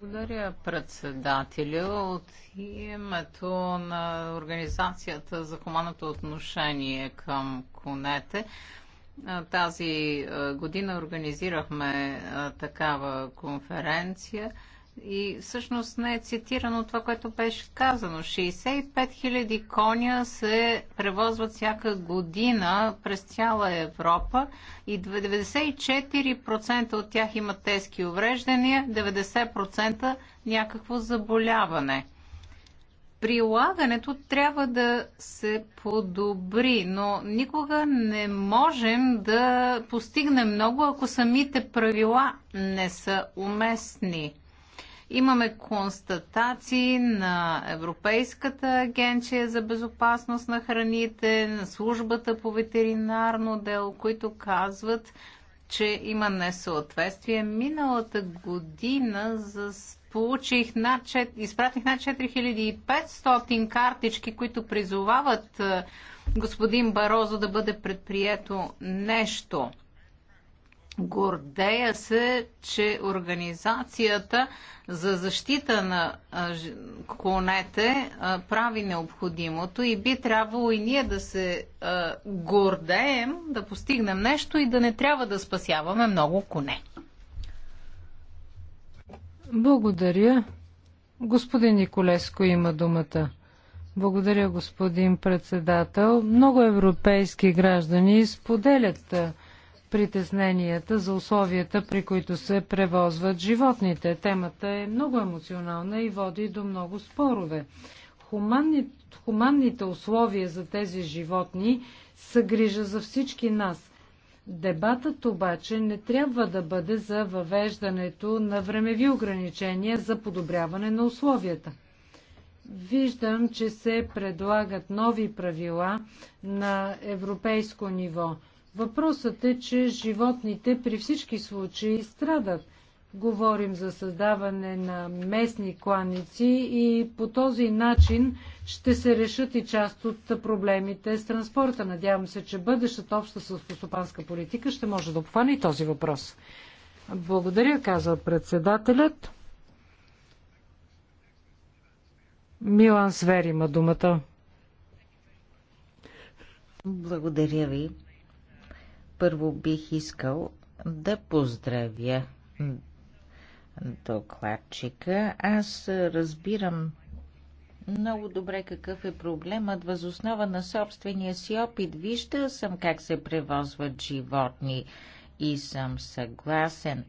Благодаря, председателю. От името на Организацията за хуманното отношение към конете, тази година организирахме такава конференция и всъщност не е цитирано това, което беше казано. 65 000 коня се превозват всяка година през цяла Европа и 94% от тях имат тески увреждания, 90% някакво заболяване прилагането трябва да се подобри, но никога не можем да постигнем много, ако самите правила не са уместни. Имаме констатации на Европейската агенция за безопасност на храните, на службата по ветеринарно дело, които казват, че има несъответствие. Миналата година за получих над, изпратих над 4500 картички, които призовават е, господин Барозо да бъде предприето нещо. Гордея се, че Организацията за защита на е, клонете е, прави необходимото и би трябвало и ние да се гордеем, да постигнем нещо и да не трябва да спасяваме много коне. Благодаря. Господин Николеско има думата. Благодаря, господин председател. Много европейски граждани споделят притесненията за условията, при които се превозват животните. Темата е много емоционална и води до много спорове. Хуманни, хуманните условия за тези животни са грижа за всички нас. Дебатът обаче не трябва да бъде за въвеждането на времеви ограничения за подобряване на условията. Виждам, че се предлагат нови правила на европейско ниво. Въпросът е, че животните при всички случаи страдат – Говорим за създаване на местни кланици и по този начин ще се решат и част от проблемите с транспорта. Надявам се, че бъдещата обща селскостопанска политика ще може да обхване и този въпрос. Благодаря, казва председателят. Милан Свер има думата. Благодаря ви. Първо бих искал да поздравя докладчика. Аз разбирам много добре какъв е проблемът. Възоснова на собствения си опит виждал съм как се превозват животни и съм съгласен,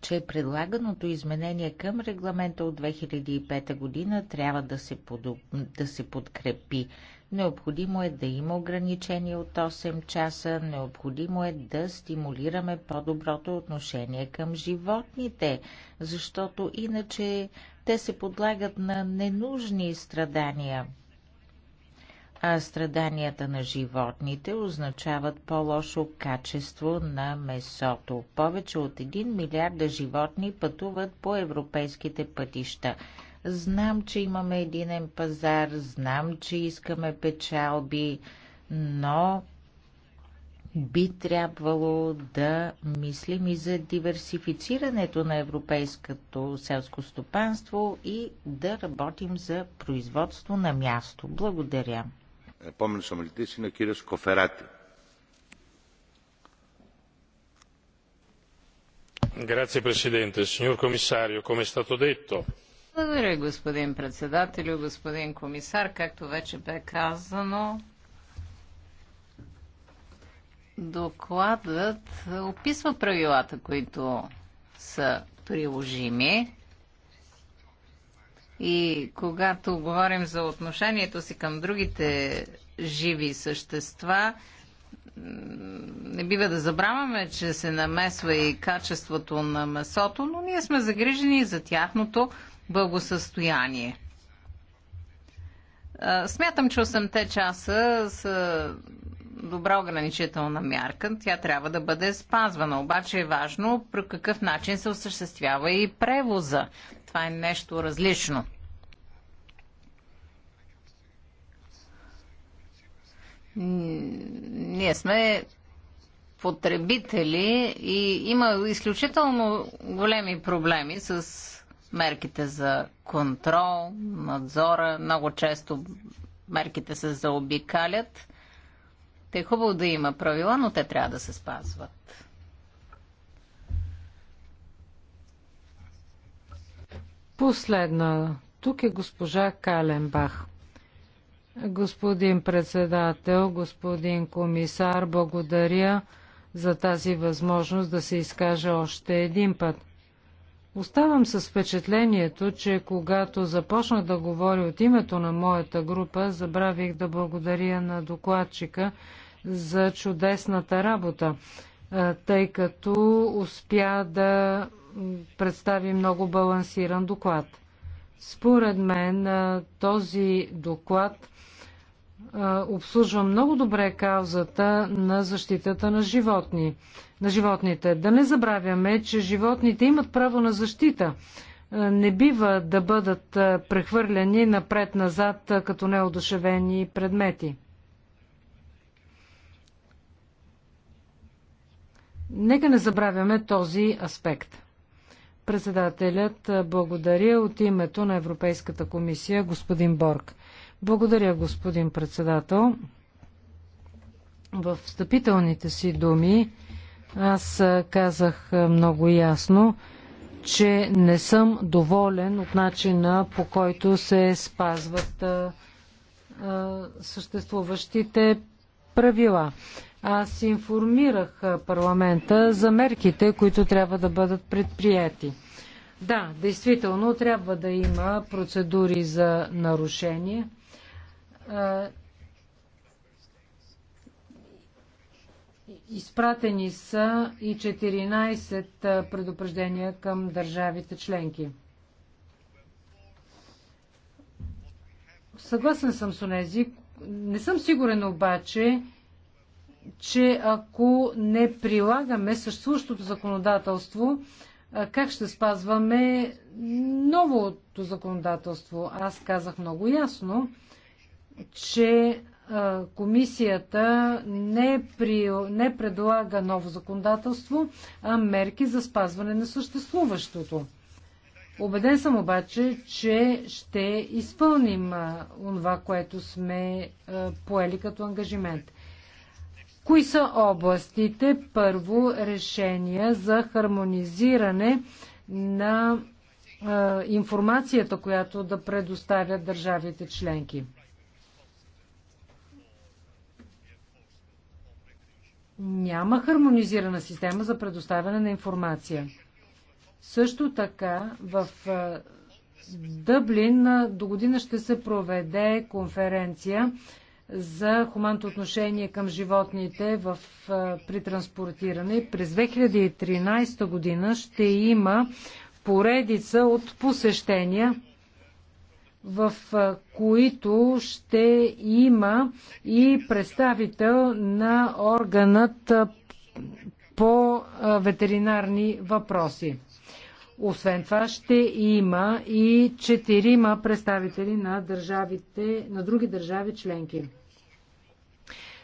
че предлаганото изменение към регламента от 2005 година трябва да се, подоб... да се подкрепи. Необходимо е да има ограничение от 8 часа, необходимо е да стимулираме по-доброто отношение към животните, защото иначе те се подлагат на ненужни страдания. А страданията на животните означават по-лошо качество на месото. Повече от 1 милиарда животни пътуват по европейските пътища. Знам, че имаме единен пазар, знам, че искаме печалби, но би трябвало да мислим и за диверсифицирането на европейското селско стопанство и да работим за производство на място. Благодаря. Επόμενος ομιλητής си на κύριος Коферати. Grazie Presidente. Signor Commissario, come è stato detto, благодаря, господин председател, господин комисар. Както вече бе казано, докладът описва правилата, които са приложими. И когато говорим за отношението си към другите живи същества, не бива да забравяме, че се намесва и качеството на месото, но ние сме загрижени за тяхното благосъстояние. Смятам, че 8-те часа са добра ограничителна мярка. Тя трябва да бъде спазвана. Обаче е важно по какъв начин се осъществява и превоза. Това е нещо различно. Ние сме потребители и има изключително големи проблеми с мерките за контрол, надзора. Много често мерките се заобикалят. Те е хубаво да има правила, но те трябва да се спазват. Последна. Тук е госпожа Каленбах. Господин председател, господин комисар, благодаря за тази възможност да се изкаже още един път. Оставам с впечатлението, че когато започнах да говоря от името на моята група, забравих да благодаря на докладчика за чудесната работа, тъй като успя да представи много балансиран доклад. Според мен този доклад обслужва много добре каузата на защитата на, животни, на животните. Да не забравяме, че животните имат право на защита. Не бива да бъдат прехвърляни напред-назад като неодушевени предмети. Нека не забравяме този аспект. Председателят благодаря от името на Европейската комисия господин Борг. Благодаря, господин председател. В встъпителните си думи аз казах много ясно, че не съм доволен от начина по който се спазват а, а, съществуващите правила. Аз информирах парламента за мерките, които трябва да бъдат предприяти. Да, действително трябва да има процедури за нарушение. Изпратени са и 14 предупреждения към държавите членки. Съгласен съм с онези. Не съм сигурен обаче, че ако не прилагаме съществуващото законодателство, как ще спазваме новото законодателство? Аз казах много ясно, че комисията не, при, не предлага ново законодателство, а мерки за спазване на съществуващото. Обеден съм обаче, че ще изпълним това, което сме поели като ангажимент. Кои са областите? Първо, решения за хармонизиране на информацията, която да предоставят държавите членки. няма хармонизирана система за предоставяне на информация. Също така в Дъблин до година ще се проведе конференция за хуманто отношение към животните в, при транспортиране. През 2013 година ще има поредица от посещения в които ще има и представител на органът по ветеринарни въпроси. Освен това ще има и четирима представители на, държавите, на други държави членки.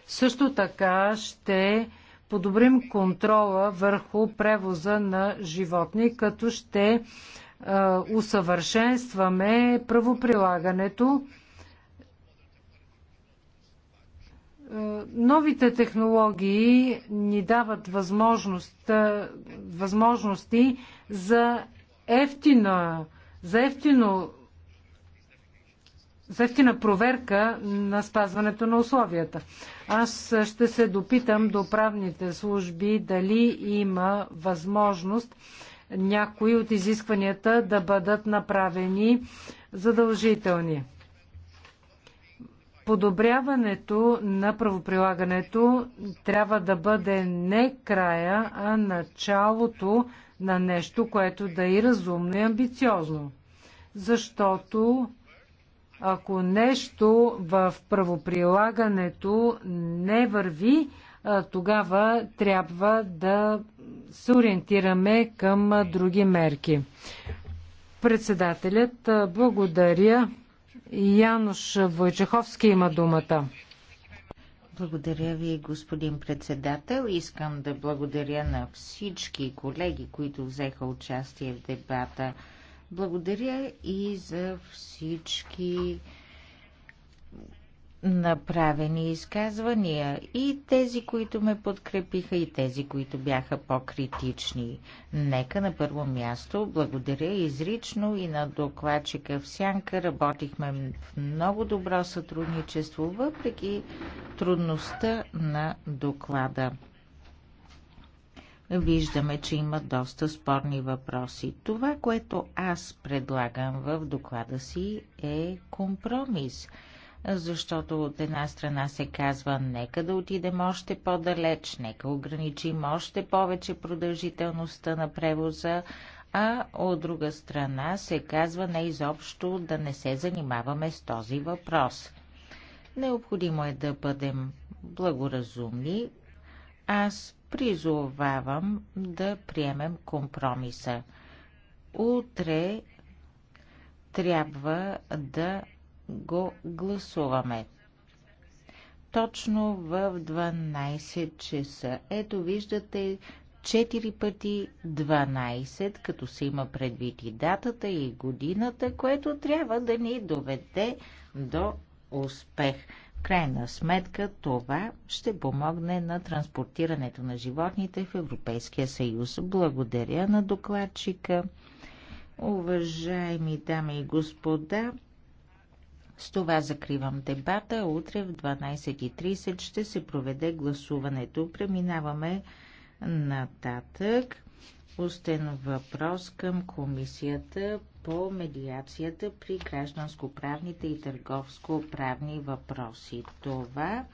Също така ще подобрим контрола върху превоза на животни, като ще усъвършенстваме правоприлагането. Новите технологии ни дават възможност, възможности за ефтина, за ефтино за ефтина проверка на спазването на условията. Аз ще се допитам до правните служби дали има възможност някои от изискванията да бъдат направени задължителни. Подобряването на правоприлагането трябва да бъде не края, а началото на нещо, което да е разумно и амбициозно. Защото ако нещо в правоприлагането не върви, тогава трябва да се ориентираме към други мерки. Председателят, благодаря. Януш Войчеховски има думата. Благодаря ви, господин председател. Искам да благодаря на всички колеги, които взеха участие в дебата. Благодаря и за всички направени изказвания и тези, които ме подкрепиха и тези, които бяха по-критични. Нека на първо място благодаря изрично и на докладчика в Сянка. Работихме в много добро сътрудничество, въпреки трудността на доклада. Виждаме, че има доста спорни въпроси. Това, което аз предлагам в доклада си е компромис – защото от една страна се казва нека да отидем още по-далеч, нека ограничим още повече продължителността на превоза, а от друга страна се казва не изобщо да не се занимаваме с този въпрос. Необходимо е да бъдем благоразумни. Аз призовавам да приемем компромиса. Утре трябва да го гласуваме. Точно в 12 часа. Ето виждате 4 пъти 12, като се има предвид и датата и годината, което трябва да ни доведе до успех. В крайна сметка това ще помогне на транспортирането на животните в Европейския съюз. Благодаря на докладчика. Уважаеми дами и господа, с това закривам дебата. Утре в 12.30 ще се проведе гласуването. Преминаваме нататък. Остен въпрос към комисията по медиацията при гражданско-правните и търговско-правни въпроси. Това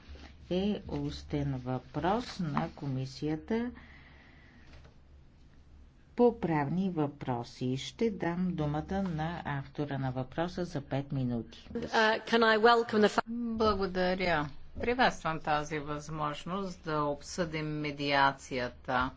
е устен въпрос на комисията по правни въпроси. Ще дам думата на автора на въпроса за 5 минути. Uh, Благодаря. Приветствам тази възможност да обсъдим медиацията.